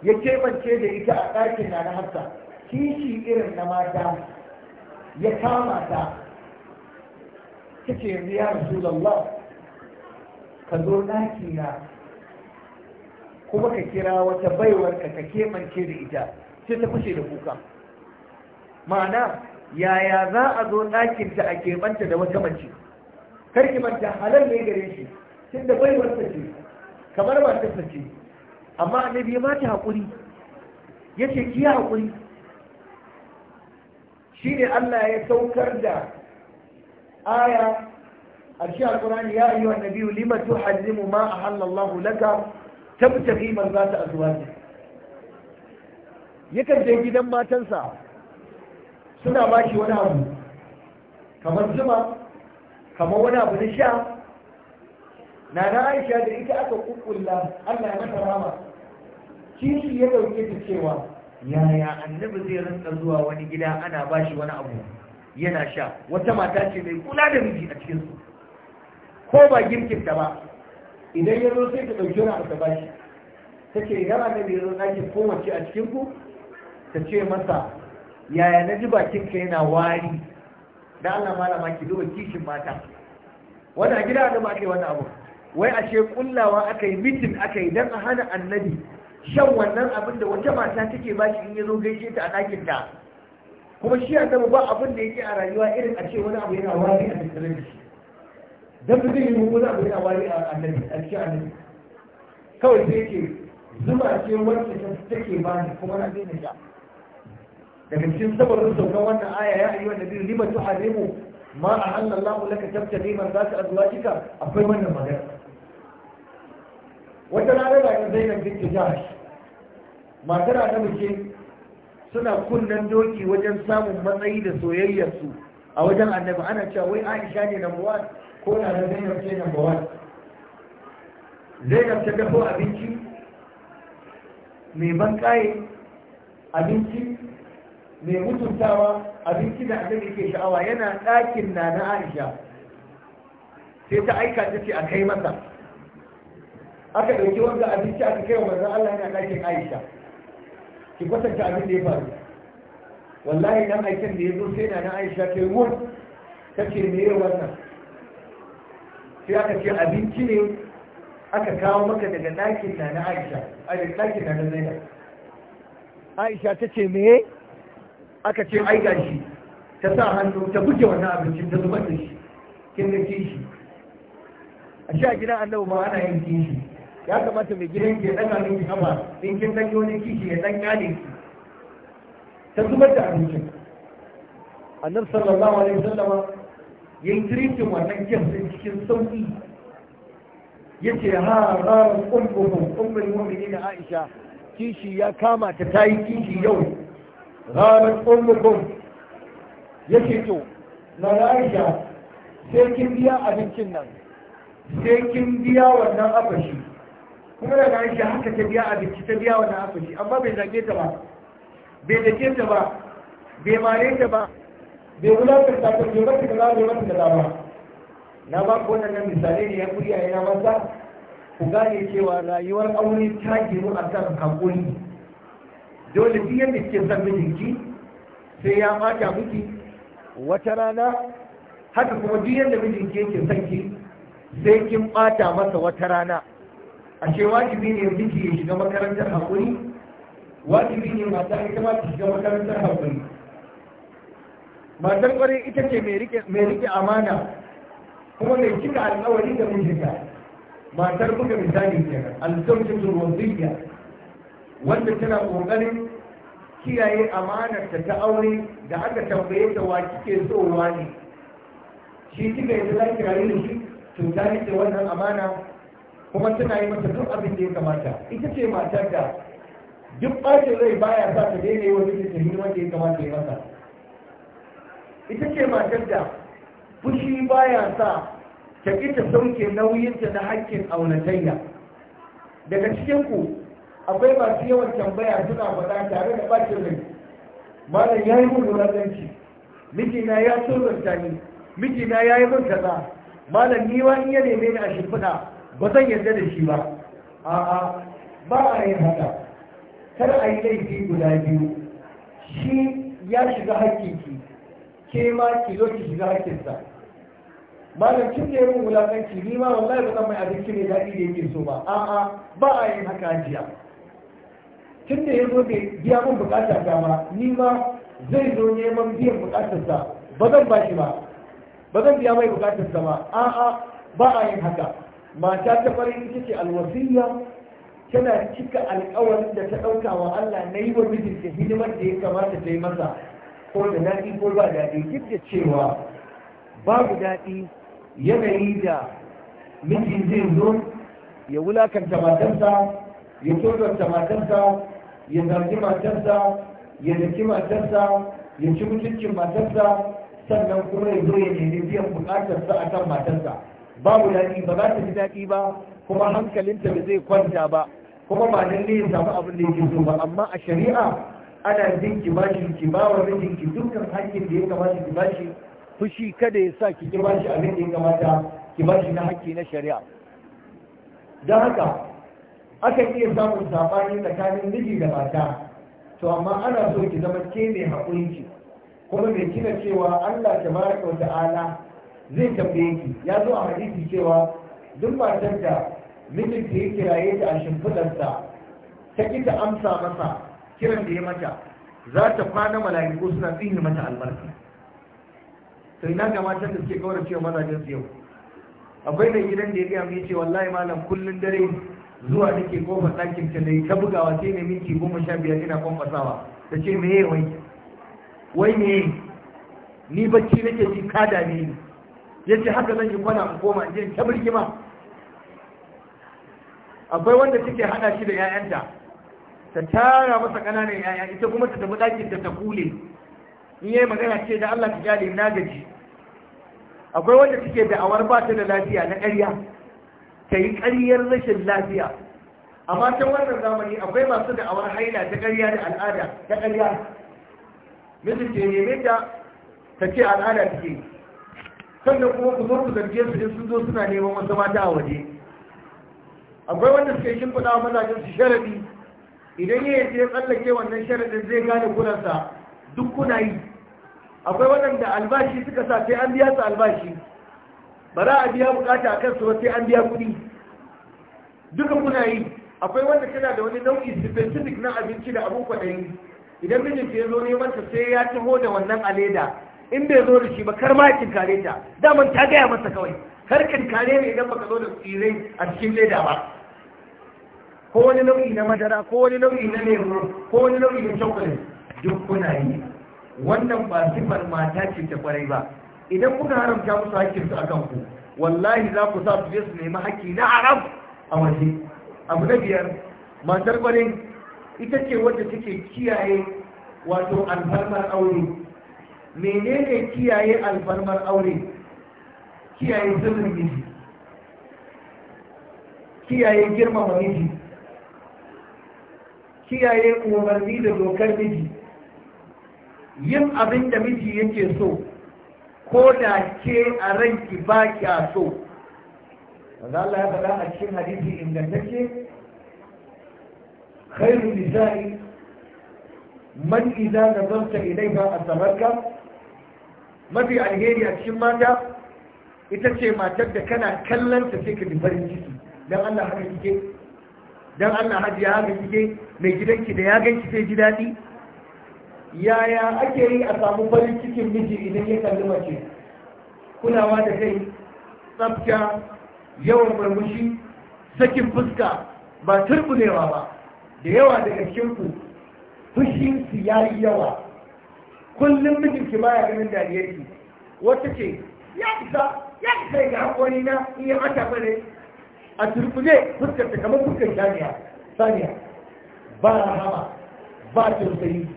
ya kebance da ita a ɗakin na na hafsa kishi irin na mata ya kama ta kace yanzu ya Allah ka zo ɗaki na kuma ka kira wata baiwar ka ka kebance da ita sai ta fashe da kuka ma'ana yaya za a zo ɗakinta a keɓanta da wata mace karki manta halal ne gare shi tunda baiwar ta ce kamar ta ce amma annabi ya bata haƙuri ya ce ki haƙuri shi ne Allah ya saukar da aya a shi alƙurani ya yi wa nabiyu lima tuhallimu ma ahallallahu laka tabtaghi ta azwaji yakan je gidan matansa suna ba shi wani abu kamar zuma kamar wani abu na sha na na aisha da ita aka kukkulla Allah ya mata rama kishi ya ɗauke ta cewa yaya annabi zai rinka zuwa wani gida ana bashi wani abu yana sha wata mata ce mai kula da miji a cikinsu ko ba girkin ta ba idan ya zo sai ta ɗauki wani abu ta bashi ta ce yana da ya zo ɗakin kowace a cikinku ta ce masa yaya na ji bakin ka yana wari da Allah malama ki duba kishin mata wanda gida da ba ake wannan abu wai ashe kullawa aka yi mitin aka yi don a hana annabi shan wannan abin da wata mata take ba shi in yi zo gaishe ta a ɗakin ta kuma shi annabi ba abin da yake a rayuwa irin a ce wani abu yana wari a tattare da shi dan zai yi wani abu yana wari a annabi cikin kawai sai ke, zuma ce wacce ta take ba ni kuma na daina sha daga cikin sabarin saukan wannan aya ya ayyuhan nabiyyu lima tuharrimu ma ahalla Allahu laka za su zaka cika, akwai wannan magana wata rana da zai zainab bin tijash matar annabi muke suna kunnen doki wajen samun matsayi da soyayyarsu, a wajen annabi ana cewa wai aisha ne number one ko na da zainab ce number one zainab ta dafo abinci mai ban kaye abinci mai mutuntawa abinci da annabi ke sha'awa yana ɗakin na na aisha sai ta aika ta ce a kai masa aka ɗauki wanda abinci aka kai wa manzon Allah yana ɗakin Aisha ki kwatanta abin da ya faru wallahi nan aikin da ya zo sai na na Aisha ta yi take ta ce me wannan sai aka ce abinci ne aka kawo maka daga ɗakin na na Aisha a da ɗakin na na Zainab Aisha ta ce me aka ce ai gashi ta sa hannu ta buge wannan abincin ta zubar da shi kin da kishi a sha gidan annabi ma ana yin kishi ya kamata mai gidan ke ɗaga miki kama in kin ɗan wani kishi ya ɗan kyale ki ta zubar da abincin annabi sallallahu alaihi wasallama yayin tirikin wannan kyan sun cikin sauƙi. ya ce ha rar ummukum ummul na aisha kishi ya kama ta yi kishi yau ranar ya ce to na aisha sai kin biya abincin nan sai kin biya wannan abashi kuma da ga shi haka ta biya abinci ta biya haka asali amma bai zage ta ba bai zage ta ba bai mare ta ba bai wulatar ta ba bai mata gaba bai mata gaba ba na ba ku wannan misalai ne ya kuri a yana masa ku gane cewa rayuwar aure ta ginu a kan haƙuri dole biyan yadda kike san mijinki sai ya mata miki wata rana haka kuma duk yadda mijinki yake son sai kin ɓata masa wata rana ashe wajibi ne miji ya shiga makarantar hakuri? wajibi ne mata ita ma ta shiga makarantar hakuri? matar ƙwarai ita ce mai rike amana kuma mai cika alƙawari da mijinta matar buga misali kenan alzamtu waziyya wanda tana ƙoƙarin kiyaye amanarta ta aure da aka tambaye ta wa kike so wani shi kika yi zaki rayu da shi to ta wannan amana kuma tana yi mata duk abin da ya kamata ita ce matar da duk ɓacin rai baya sa ta daina yi wa da ta da ya kamata ya masa ita ce matar da fushi baya sa ta ƙi ta sauke nauyinta na hakkin aunatayya daga cikin ku akwai masu yawan tambaya suna faɗa tare da ɓacin rai malam ya yi mun wulaƙanci mijina ya tsorata ni mijina ya yi mun kaza malam ni wa in ya neme ni a shimfiɗa ba zan yarda da shi ba a'a ba a yin haka kar a yi laifi guda biyu shi ya shiga hakkinki ke ma ki zo ki shiga hakkinsa malam kin da yin wulakanci ni ma wallahi ba zan mai abinci mai daɗi da yake so ba a'a ba a yin haka jiya. tun da ya zo da biya min bukata ta ma ni ma zai zo neman biyan bukatarsa ba zan ba shi ba ba zan biya mai bukatarsa ba a'a ba a yin haka mata ta bari ita ce alwasiya tana cika alkawarin da ta ɗauka wa Allah na yi wa mijinta hidimar da ya kamata ta yi masa ko da daɗi ko ba daɗi duk da cewa babu daɗi yanayi da miji zai zo ya wulakanta matarsa ya tozarta matarsa ya zargi matarsa ya daki matarsa ya ci mutuncin matarsa sannan kuma ya zo ya nemi biyan bukatarsa akan matarsa babu daɗi ba za ta fi daɗi ba kuma hankalinta ba zai kwanta ba kuma ba nan ne ya samu abin da yake so ba amma a shari'a ana jin ki shi ki ba wa mijinki dukkan hakkin da ya kamata ki bashi fushi kada ya sa ki ki bashi abin da ya kamata ki bashi na hakki na shari'a don haka aka iya samun sabani tsakanin miji da mata to amma ana so ki zama ke mai haƙuri ki kuma mai kina cewa Allah ta tabaraka wa ta'ala zai tambaye ki ya zo a hadisi cewa duk matar da mijinta ya kiraye ta a shimfiɗarsa ta ƙi ta amsa masa kiran da ya mata za ta kwana mala'iku suna tsini mata albarka to ina ga matan da suke kawar cewa maza su yau akwai mai gidan da ya gaya mai ce wallahi malam kullun dare zuwa nake kofar ɗakin ta da ta bugawa sai ne minti goma sha biyar ina kwamfasawa ta ce meye wai wai meye ni bacci nake ji kada ne ya ce haka zan yi kwana in koma in je ta birgima akwai wanda take hada shi da 'ya'yanta ta tara masa ƙananan 'ya'ya ita kuma ta tafi ɗakin ta ta kule in yayi magana ce da Allah ta jale na gaji akwai wanda take awar ba ta da lafiya na ƙarya ta yi ƙaryar rashin lafiya amma ta wannan zamani akwai masu da awar haila ta ƙarya da al'ada ta ƙarya Mijin ce ne mai ta ce al'ada take sannan kuma ku zo ku zarge su in sun zo suna neman wasu mata a waje akwai wanda suka yi shimfiɗa wa mazajen su sharadi idan ya je tsallake wannan sharadin zai gane kuransa duk kuna yi akwai waɗanda albashi suka sa sai an biya su albashi ba za a biya bukata a su ba sai an biya kuɗi duka kuna yi akwai wanda tana da wani nau'i specific na abinci da abin kwaɗayi idan mijinta ya zo neman sa sai ya taho da wannan a leda in bai zo da shi ba kar ma kare ta daman ta gaya masa kawai kar kare ne idan baka zo da tsirai a cikin leda ba ko wani nau'i na madara ko wani nau'i na lemu ko wani nau'i na cokali duk kuna yi wannan ba sifar mata ce ta kwarai ba idan kuka haramta musu hakkin su akan ku wallahi za ku sa su je su nemi hakki na haram a waje abu na biyar matar kwarai ita ce wadda take kiyaye wato alfarmar aure menene kiyaye alfarmar aure kiyaye sirrin miji kiyaye girmama miji kiyaye umarni da dokar miji yin abin da miji yake so ko da ke a ranki ba kya so wanda Allah ya faɗa a cikin hadisi ingantacce khairu nisa'i man idan nazarta ilaiha samarka mafi alheri a cikin mata ita ce matar da kana kallon ta sai ka bi farin ciki dan Allah haka kike dan Allah ya haka kike mai gidanki da ya ganki sai ji daɗi yaya ake yi a samu farin cikin miji idan ya kalli mace kulawa da kai tsafta yawan murmushi sakin fuska ba turbunewa ba da yawa daga cikinku fushinsu ya yi yawa kullum mijinki ya ganin dariyarki wata ce ya isa ya isa ga hankali na in ya mata bane a turkuje fuskar ta kamar fuskar saniya saniya ba rahama ba tausayi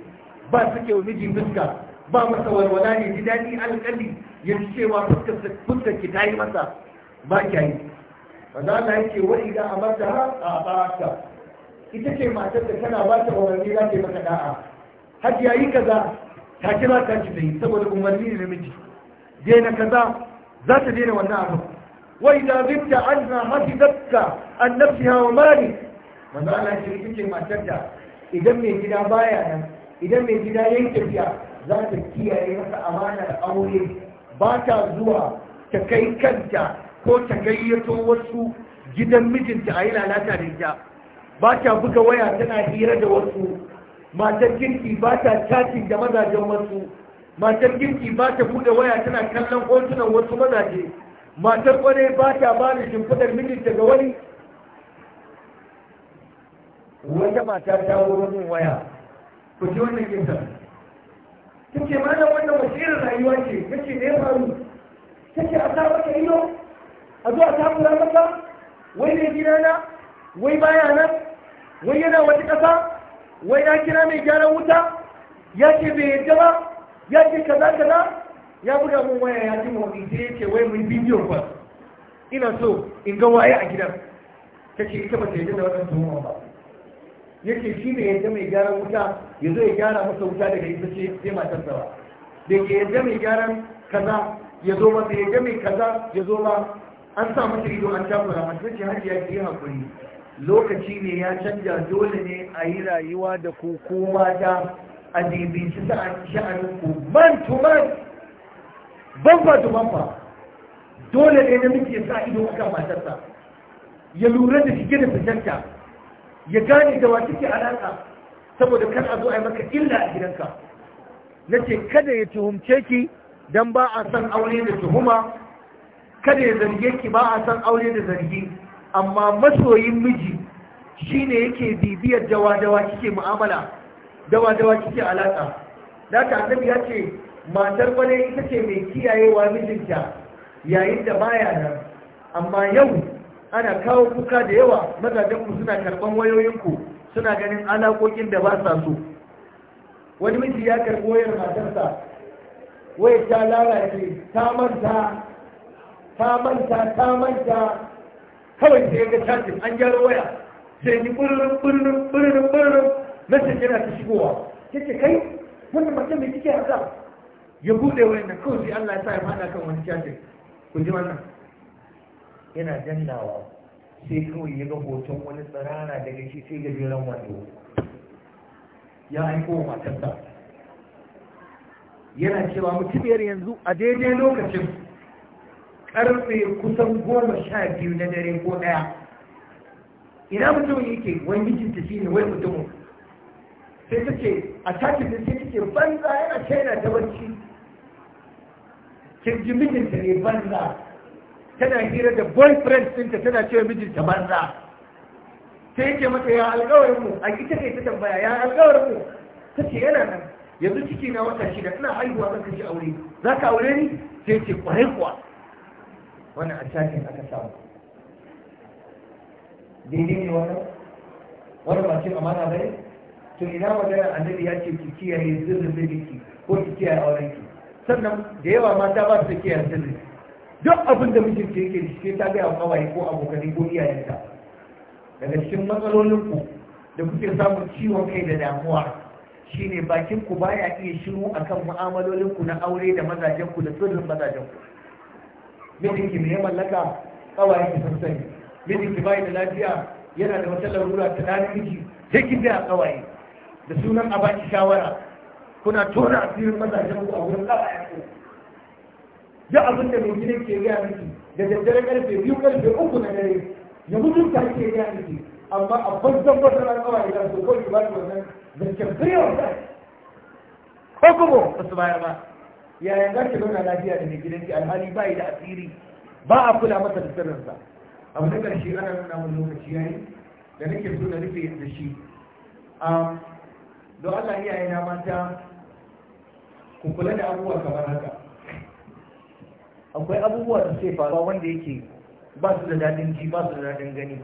ba suke wa mijin fuska ba masa walwala ne ji daɗi alƙali ya ji cewa fuskar ki ta yi masa ba kyayi wanda Allah yake wa a amarta a ba ita ce matar da tana ba ta umarni za ta yi mata da'a ya yi kaza ta kira ta ji ta yi saboda umarni ne namiji daina kaza za ta daina wannan abu wai da zinta an na hafi zakka an nafsi hawa mali manzo ita ce matar da idan mai gida baya nan idan mai gida yi tafiya za ta kiyaye masa amanar aure ba ta zuwa ta kai kanta ko ta gayyato wasu gidan mijinta a yi lalata da ita ba ta buga waya tana hira da wasu matar girki ba ta chatting da mazajen wasu matar girki ba ta bude waya tana kallon hotunan wasu mazaje matar kwarai ba ta ba da shimfidar mijinta ga wani wata mata ta wuri min waya ku ji wannan kinta ta ce mana wannan wasirar rayuwa ce ta ce ne faru ta ce a sa maka ido a zo a takura maka wai ne gina na wai baya wai yana wani ƙasa wai ya kira mai gyaran wuta ya ce bai yadda ba ya ce kaza kaza ya buga mun waya ya ji mawani sai ya ce wai mun bidiyo ba ina so in ga waye a gidan ta ce ita ba ta yadda da wannan tuhuma ba ya ce shi ne yadda mai gyaran wuta ya zo ya gyara masa wuta daga ita ce sai matarsa ba da ke yadda mai gyaran kaza ya zo masa yadda mai kaza ya zo ba. an sa masa ido an takura masu ce hajji ya ke yi haƙuri. lokaci ne ya canja dole ne a yi rayuwa da ku kowa da a dibinci sha'aninku man to man bamba to bamba dole ne namiji ya sa ido kan matarsa ya lura da shige da fitarta ya gane da wata ke alaƙa saboda kan a zo a yi maka illa a gidanka na ce kada ya tuhumce ki don ba a san aure da tuhuma kada ya zarge ki ba a san aure da zargi amma masoyin miji shi ne yake bibiyar dawa-dawa kike mu'amala dawa-dawa kike alaƙa. da ka annabi ya ce matar bane ita ce mai kiyayewa mijinta yayin da baya nan amma yau ana kawo kuka da yawa mazajenku suna karban ku, suna ganin alaƙoƙin da ba sa so wani miji ya karɓi wayar matarsa wayar ta lalace ta manta ta manta ta manta kawai sai ga cajin an gyara waya sai ji ɓuririn ɓuririn ɓuririn ɓuririn message yana ta shigowa kike kai wannan mutum mai kike haka ya bude wayan nan kawai sai Allah ya sa ya fada kan wani cajin ku ji wannan yana dannawa sai kawai ya ga hoton wani tsarara daga shi sai gajeren wando ya aiko wa matarsa yana cewa mutumiyar yanzu a daidai lokacin karfe kusan goma sha biyu na dare ko ɗaya ina mutum yake wani jinta shi ne wai mutum sai ta ce a takin da sai ce banza yana china ta barci ji mijinta ne banza tana hira da boyfriend ɗinta tana cewa mijinta banza sai yake mata ya alkawarin mu a ita ne ta tambaya ya alkawarin mu ta ce yana nan yanzu ciki na wata shida ina haihuwa zan kashe aure za ka aure ni sai ce kwarai kuwa Wani a shafin aka samu daidai ne wannan wani ba cin amana bai to ina magana annabi ya ce ki kiyaye zirin ki ko ki kiyaye auren ki sannan da yawa mata ba su kiyaye zirin duk abin da mutum yake da shi ta gaya wa kawai ko abokanai ko iyayenta daga cikin matsalolinku da kuke samun ciwon kai da damuwa shine bakin ku baya iya shiru akan mu'amalolinku na aure da mazajen ku da sirrin ku. mijinki ne ya mallaka kawayen ki sun sani mijinki bai da lafiya yana da wata larura ta dani miji sai ki biya kawaye da sunan a baki shawara kuna tona asirin mazajen ku a wurin kawayen ku duk abin da mai gidan ke gaya miki da daddare karfe biyu karfe uku na dare ya mutunta ke gaya miki amma a bazzan wata ran kawaye da su kawai ba da wannan zancen firiyar ko kuma ba su bayar ba yayin za ki zauna lafiya da mai gidanki alhali ba da asiri ba a kula masa da sirrinsa abu da ƙarshe ana nuna wani lokaci yayi da nake so na rufe da shi don Allah iyaye na mata ku kula da abubuwa kamar haka akwai abubuwa da suke faruwa wanda yake ba su da daɗin ji ba su da daɗin gani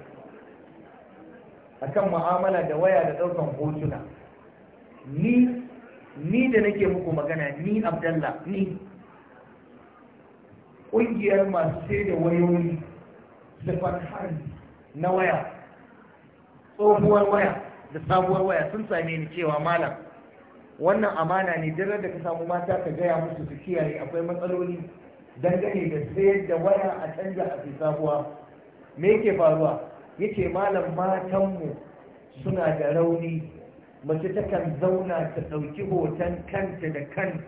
akan mu'amala da waya da ɗaukan hotuna ni ni da nake muku magana ni abdallah ni ƙungiyar masu sai da wayoyi da na waya tsohuwar waya da sabuwar waya sun same ni cewa malam wannan amana ne dare da ka samu mata ka gaya musu su kiyaye akwai matsaloli dangane da sayar da waya a canja a fi sabuwa me yake faruwa yake malam matanmu suna da rauni mace ta kan zauna ta ɗauki hoton kanta da kanta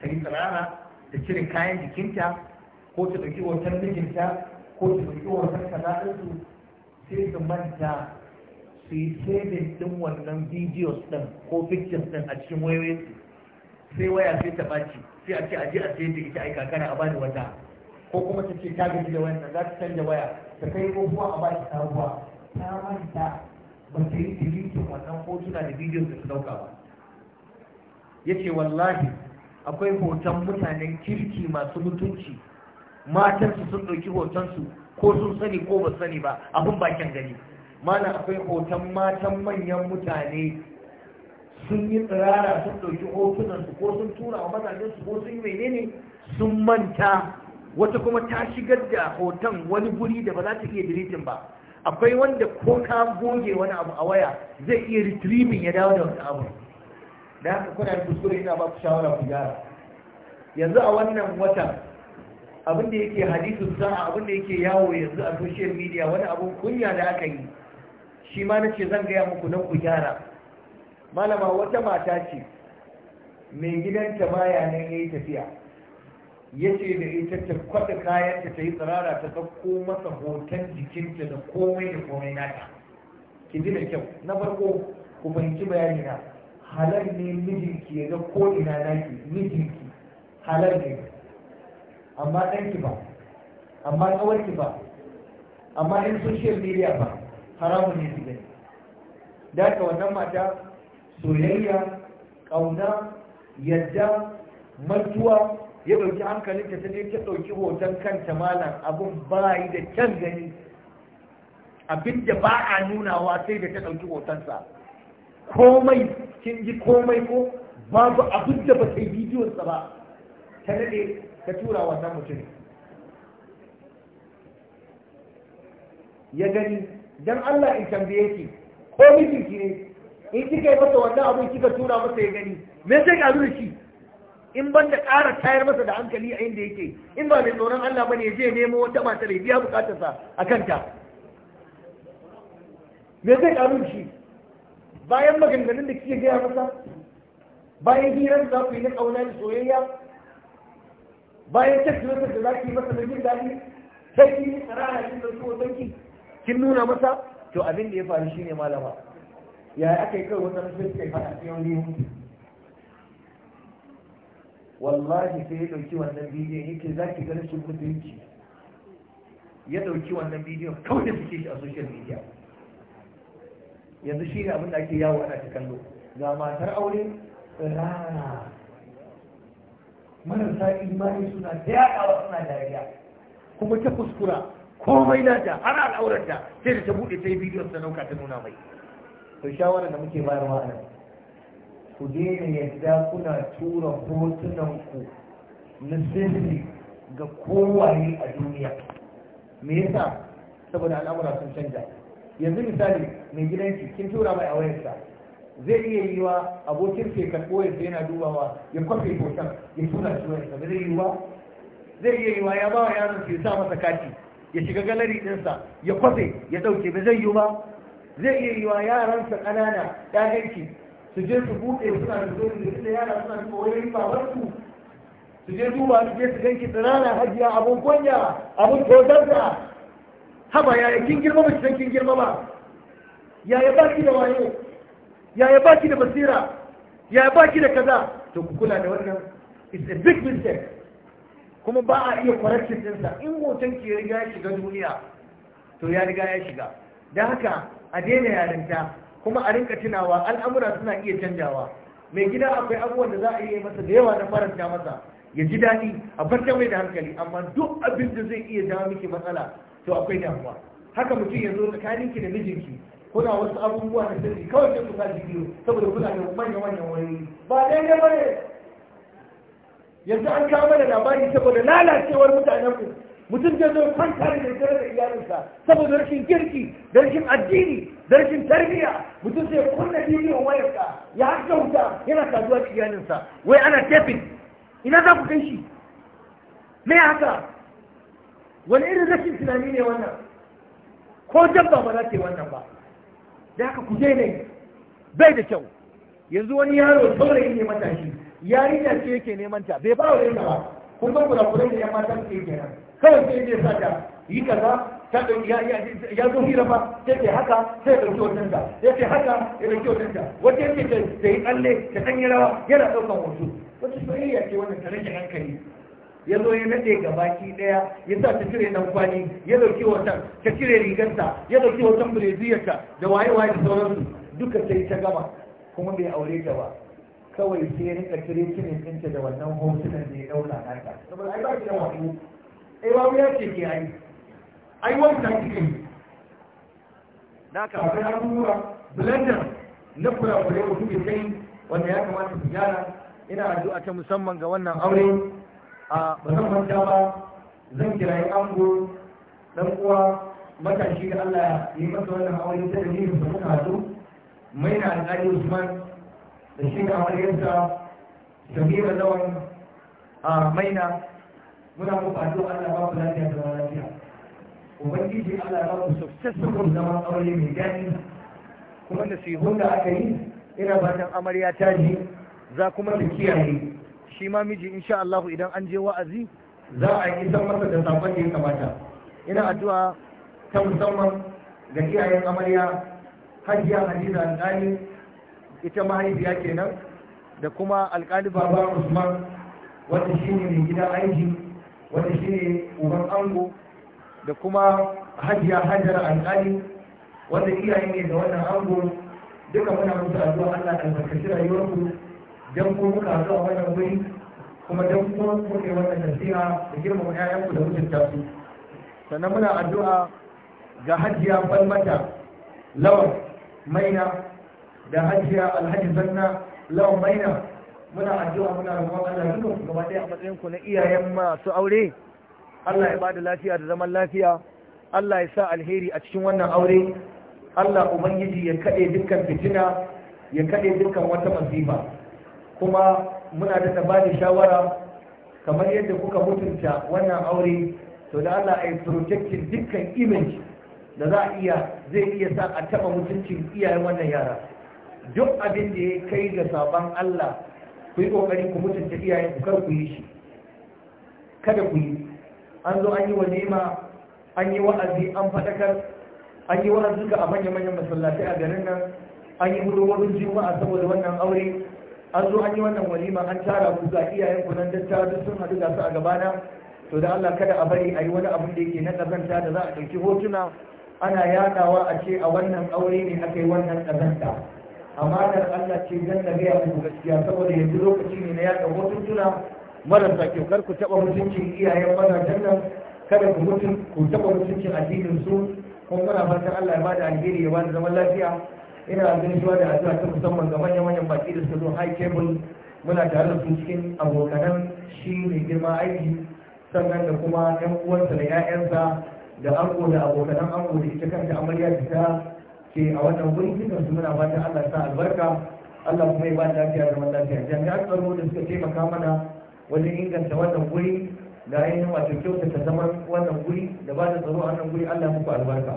ta yi tsirara ta cire kayan jikinta ko ta ɗauki hoton mijinta ko ta ɗauki hoton sana'arsu sai su manta su yi saving ɗin wannan videos ɗin ko pictures ɗin a cikin wayoyin sai waya sai ta ɓaci sai a ce a je a sayar da ita ai kakana a bani wata ko kuma ta ce ta gaji da wayan za ta canja waya ta kai ko a bani sabuwa ta manta ba ta yi dilitin wannan hotuna da bidiyon da su ɗauka ba ya ce wallahi akwai hoton mutanen kirki masu mutunci matansu sun ɗauki hotonsu ko sun sani ko ba sani ba abin bakin gani mana akwai hoton matan manyan mutane sun yi tsirara sun ɗauki hotunansu ko sun tura wa mazajensu ko sun yi menene sun manta wata kuma ta shigar da hoton wani guri da ba za ta iya diritin ba akwai wanda ko ka goge wani abu a waya zai iya retrieving ya dawo da wani abu da haka kuna da kuskure ina ba ku shawara ku gyara yanzu a wannan watan abin da yake hadisu sa'a abin da yake yawo yanzu a social media wani abu kunya da aka yi shi ma na ce zan gaya muku nan ku gyara malama wata mata ce mai gidanta baya nan ya yi tafiya ya ce da ita ta kwada kayanta ta yi tsirara ta ɗauko masa hoton jikinta da komai da komai nata ki ji da kyau na farko ku fahimci bayani na halar ne mijinki ya ga ko ina naki mijinki halar ne amma ki ba amma ki ba amma in social media ba haramun ne su gani da ka wannan mata soyayya ƙauna yadda mantuwa ya ɗauki hankalin ta je ta ɗauki hoton kanta malam abun bayi da can gani abin da ba a nunawa sai da ta ɗauki hotonsa komai kin ji komai ko babu abin da ba ta yi bidiyonsa ba ta naɗe ta tura wannan mutum ya gani don Allah in tambaye ki ko mijinki ne in kika yi masa wannan abin kika tura masa ya gani me sai ka da shi in ban da ƙara tayar masa da hankali a inda yake in ba mai tsoron Allah bane ya je nemo wata mata ya biya bukatarsa a kanta me zai ƙarun shi bayan maganganun da kike gaya masa bayan hirar za ku yi na ƙauna da soyayya bayan tattalin da za ki masa da jin daɗi sai ki yi tsarara kin da su wasanki kin nuna masa to abin da ya faru shine malama Yaya aka yi kai wata rashin kai fara sai wani wallahi sai ya dauki wannan bidiyon yake za ki ga rashin mutunci ya dauki wannan bidiyon kawai da suke shi a social media yanzu shi ne abin ake yawo ana ta kallo ga matar aure rana marasa imani suna da yaɗawa suna dariya kuma ta kuskura komai na ta har al'aurarta sai da ta buɗe ta yi bidiyon ta ta nuna mai to shawarar da muke bayarwa a nan ku daina yadda kuna tura hotunanku na sirri ga kowaye a duniya me yasa saboda al'amura sun canja yanzu misali mai gidanki kin tura mai a wayarsa zai iya yi wa abokin ke karɓo ya yana dubawa ya kwafe hoton ya tura shi wayarsa ba zai yi wa zai iya yi wa ya ba yaron ke sa masa kati ya shiga galari ɗinsa ya kwafe ya ɗauke ba zai yi ba zai iya yi wa yaransa ƙanana ɗayanki su je su buɗe suna da zo da inda yara suna duba wayoyin babansu su je duba su je su ganki tsirana hajiya abun kunya abun tozarta haba ya yi kin girma ba su san kin girma ba Ya yaya baki da wayo yaya baki da basira Ya yaya baki da kaza to ku kula da wannan it's a big mistake kuma ba a iya correction ɗinsa in hoton ke riga ya shiga duniya to ya riga ya shiga don haka a daina yarinta kuma a rinka tunawa al'amura suna iya canjawa mai gida akwai abubuwan da za a iya masa da yawa na faranta masa ya ji daɗi a farta mai da hankali amma duk abin da zai iya jawo miki matsala to akwai damuwa haka mutum ya zo tsakaninki da mijinki kuna wasu abubuwa na sirri kawai sai ku sa biyu saboda kuna da manya manyan wani ba daidai ba ne yanzu an kawo mana labari saboda lalacewar mutanenmu mutum zai zo kwanta da daddare da iyalinsa saboda rashin kirki da rashin addini da rashin tarbiyya mutum zai kunna bidiyon wayarsa ya hajja wuta yana saduwa da iyalinsa wai ana tefin ina za ku kai shi me haka wani irin rashin tunani ne wannan ko dabba ba za ta yi wannan ba da haka ku daina bai da kyau yanzu wani yaro saurayi ne matashi yarinya ce yake neman ta bai ba wa ba kun ba kura kura ne yan matan ke kenan kawai sai zai sa ta yi kaza ta ya zo hira ba sai ta haka sai ta ɗauki wannan ta sai ta haka ya ɗauki wannan ta wata yake ta ta yi tsalle ta ɗan yi rawa yana ɗaukan wasu wata soyayya ce wannan ta rage hankali ya zo ya naɗe ga baki ɗaya ya sa ta cire nan kwani ya ɗauki wata ta cire rigarta ya ɗauki wata bureziyarta da waye-waye da sauransu duka sai ta gama kuma bai aure ta ba kawai sai ya rika cire cire ɗinta da wannan hotunan da ya ɗauka nata saboda ai ba ki da wani ewa wuya ce ke yayi ai wanta kike yi da ka akwai abubuwa blender na kurakure mutum ke kai wanda ya kamata su gyara ina addu'a ta musamman ga wannan aure a ba zan manta ba zan kira kirayi ango dan uwa matashi da Allah ya yi masa wannan aure ta dalilin da muka haɗu mai na alƙali Usman da shi da amaryarsa Samira Lawan a Maina muna ku addu'a Allah ba ku lafiya da lafiya ubangiji Allah ba ku successful zama aure mai daɗi kuma da da aka yi ina dan amarya ta ji za kuma ta kiyaye shi ma miji insha Allah idan an je wa'azi za a yi san masa da sabon da ya kamata ina addu'a ta musamman ga iyayen amarya hajiya hadiza alƙali ita mahaifiya kenan da kuma alƙali baba usman wanda ne mai gida aiki wanda shi ne uban ango da kuma hajiya hajjar Alƙali. wanda iyaye ne da wannan ango duka muna musu addu'a Allah albarkaci rayuwarku dan ku muka haɗu wannan wuri kuma dan ku muke wannan nasiha da girmama ƴaƴanku da mutunta su sannan muna addu'a ga hajiya falmata lawan maina da hajiya alhaji zanna lawan maina muna addu'a muna roƙon Allah dukkan gaba ɗaya a matsayin ku na iyayen masu aure Allah ya bada lafiya da zaman lafiya Allah ya sa alheri a cikin wannan aure Allah ubangiji ya kaɗe dukkan fitina ya kaɗe dukkan wata masifa kuma muna da ba da shawara kamar yadda kuka mutunta wannan aure to da Allah a yi dukkan image da za a iya zai iya sa a taɓa mutuncin iyayen wannan yara duk abin da ya kai ga sabon Allah ku yi kokari ku mutunta iyayen ku kar ku yi shi kada ku yi an zo an yi wa nema an yi wa'azi an faɗakar an yi wa'azuka a manya-manyan masallatai a garin nan an yi hudumomin juma'a saboda wannan aure an zo an yi wannan walima an tara ku ga iyayen ku nan dattawa duk sun hadu da su a gaba na? to da Allah kada a bari a yi wani abin da yake na ƙazanta da za a ɗauki hotuna ana yanawa a ce a wannan aure ne aka yi wannan ƙazanta amanar Allah ce zan da gaya muku gaskiya saboda yanzu lokaci ne na yaɗa mutuntuna marasa kyau kar ku taɓa mutuncin iyayen mazajen nan kada ku mutun ku taɓa mutuncin addinin su kuma muna fatan Allah ya bada alheri ya bada zaman lafiya ina gaisuwa da addu'a ta musamman ga manyan-manyan baki da su zo high cable muna tare da su cikin abokanan shi mai girma aiki sannan da kuma yan uwansa da 'ya'yansa da ango da abokanan ango da ita kanta amarya da ta ke a wannan wuri dukkan su muna fatan Allah sa albarka Allah kuma ya ba lafiya da lafiya jami'an tsaro da suka taimaka mana wajen inganta wannan wuri da ainihin wato kyautata zaman wannan wuri da ba da tsaro a wannan wuri Allah muku albarka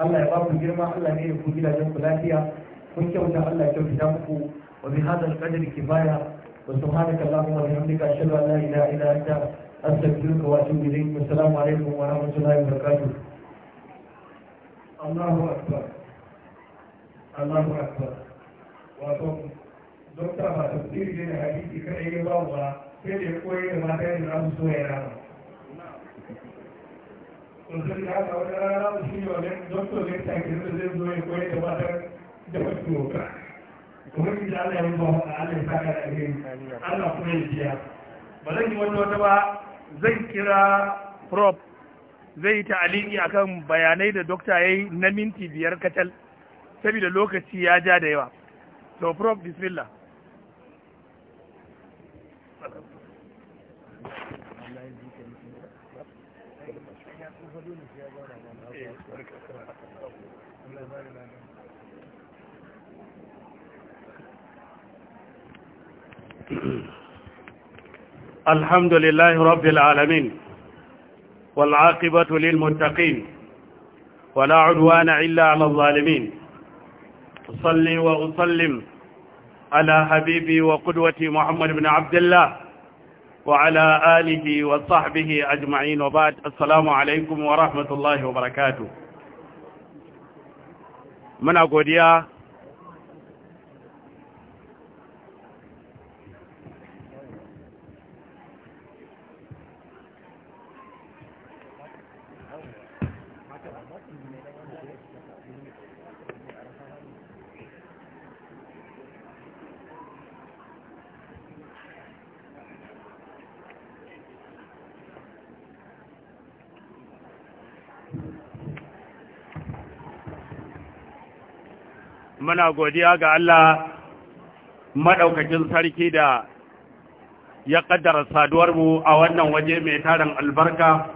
Allah ya ba ku girma Allah ne ya ku gidajen ku lafiya kun kyauta Allah ya kyauta muku wa bi hadha al-qadri kifaya وسبحانك اللهم وبحمدك اشهد An لا اله الا انت استغفرك واتوب اليك والسلام عليكم ورحمه الله وبركاته الله اكبر Allahu Akbar wato dokta ba tafsiri ne hadisi kai ya ba ba sai da ya koyi da mata yin za su so ya rama sosai da haka wani rana mu shi ne wannan doktor ne ta ke zai zo ya koyi da mata da wasu yoga kuma ki da Allah ya yi ba wa Allah ya sa ka da alheri Allah kuma ya biya ba zan yi wata wata ba zan kira prop zai yi ta'aliki akan bayanai da dokta ya yi na minti biyar kacal saboda lokaci ya ja da yawa to prof bismillah الحمد لله رب العالمين والعاقبة للمتقين ولا عدوان إلا على الظالمين أصلي وأسلم على حبيبي وقدوتي محمد بن عبد الله وعلى آله وصحبه أجمعين وبعد السلام عليكم ورحمة الله وبركاته muna godiya muna godiya ga Allah maɗaukakin sarki da ya ƙaddara saduwarmu a wannan waje mai tarin albarka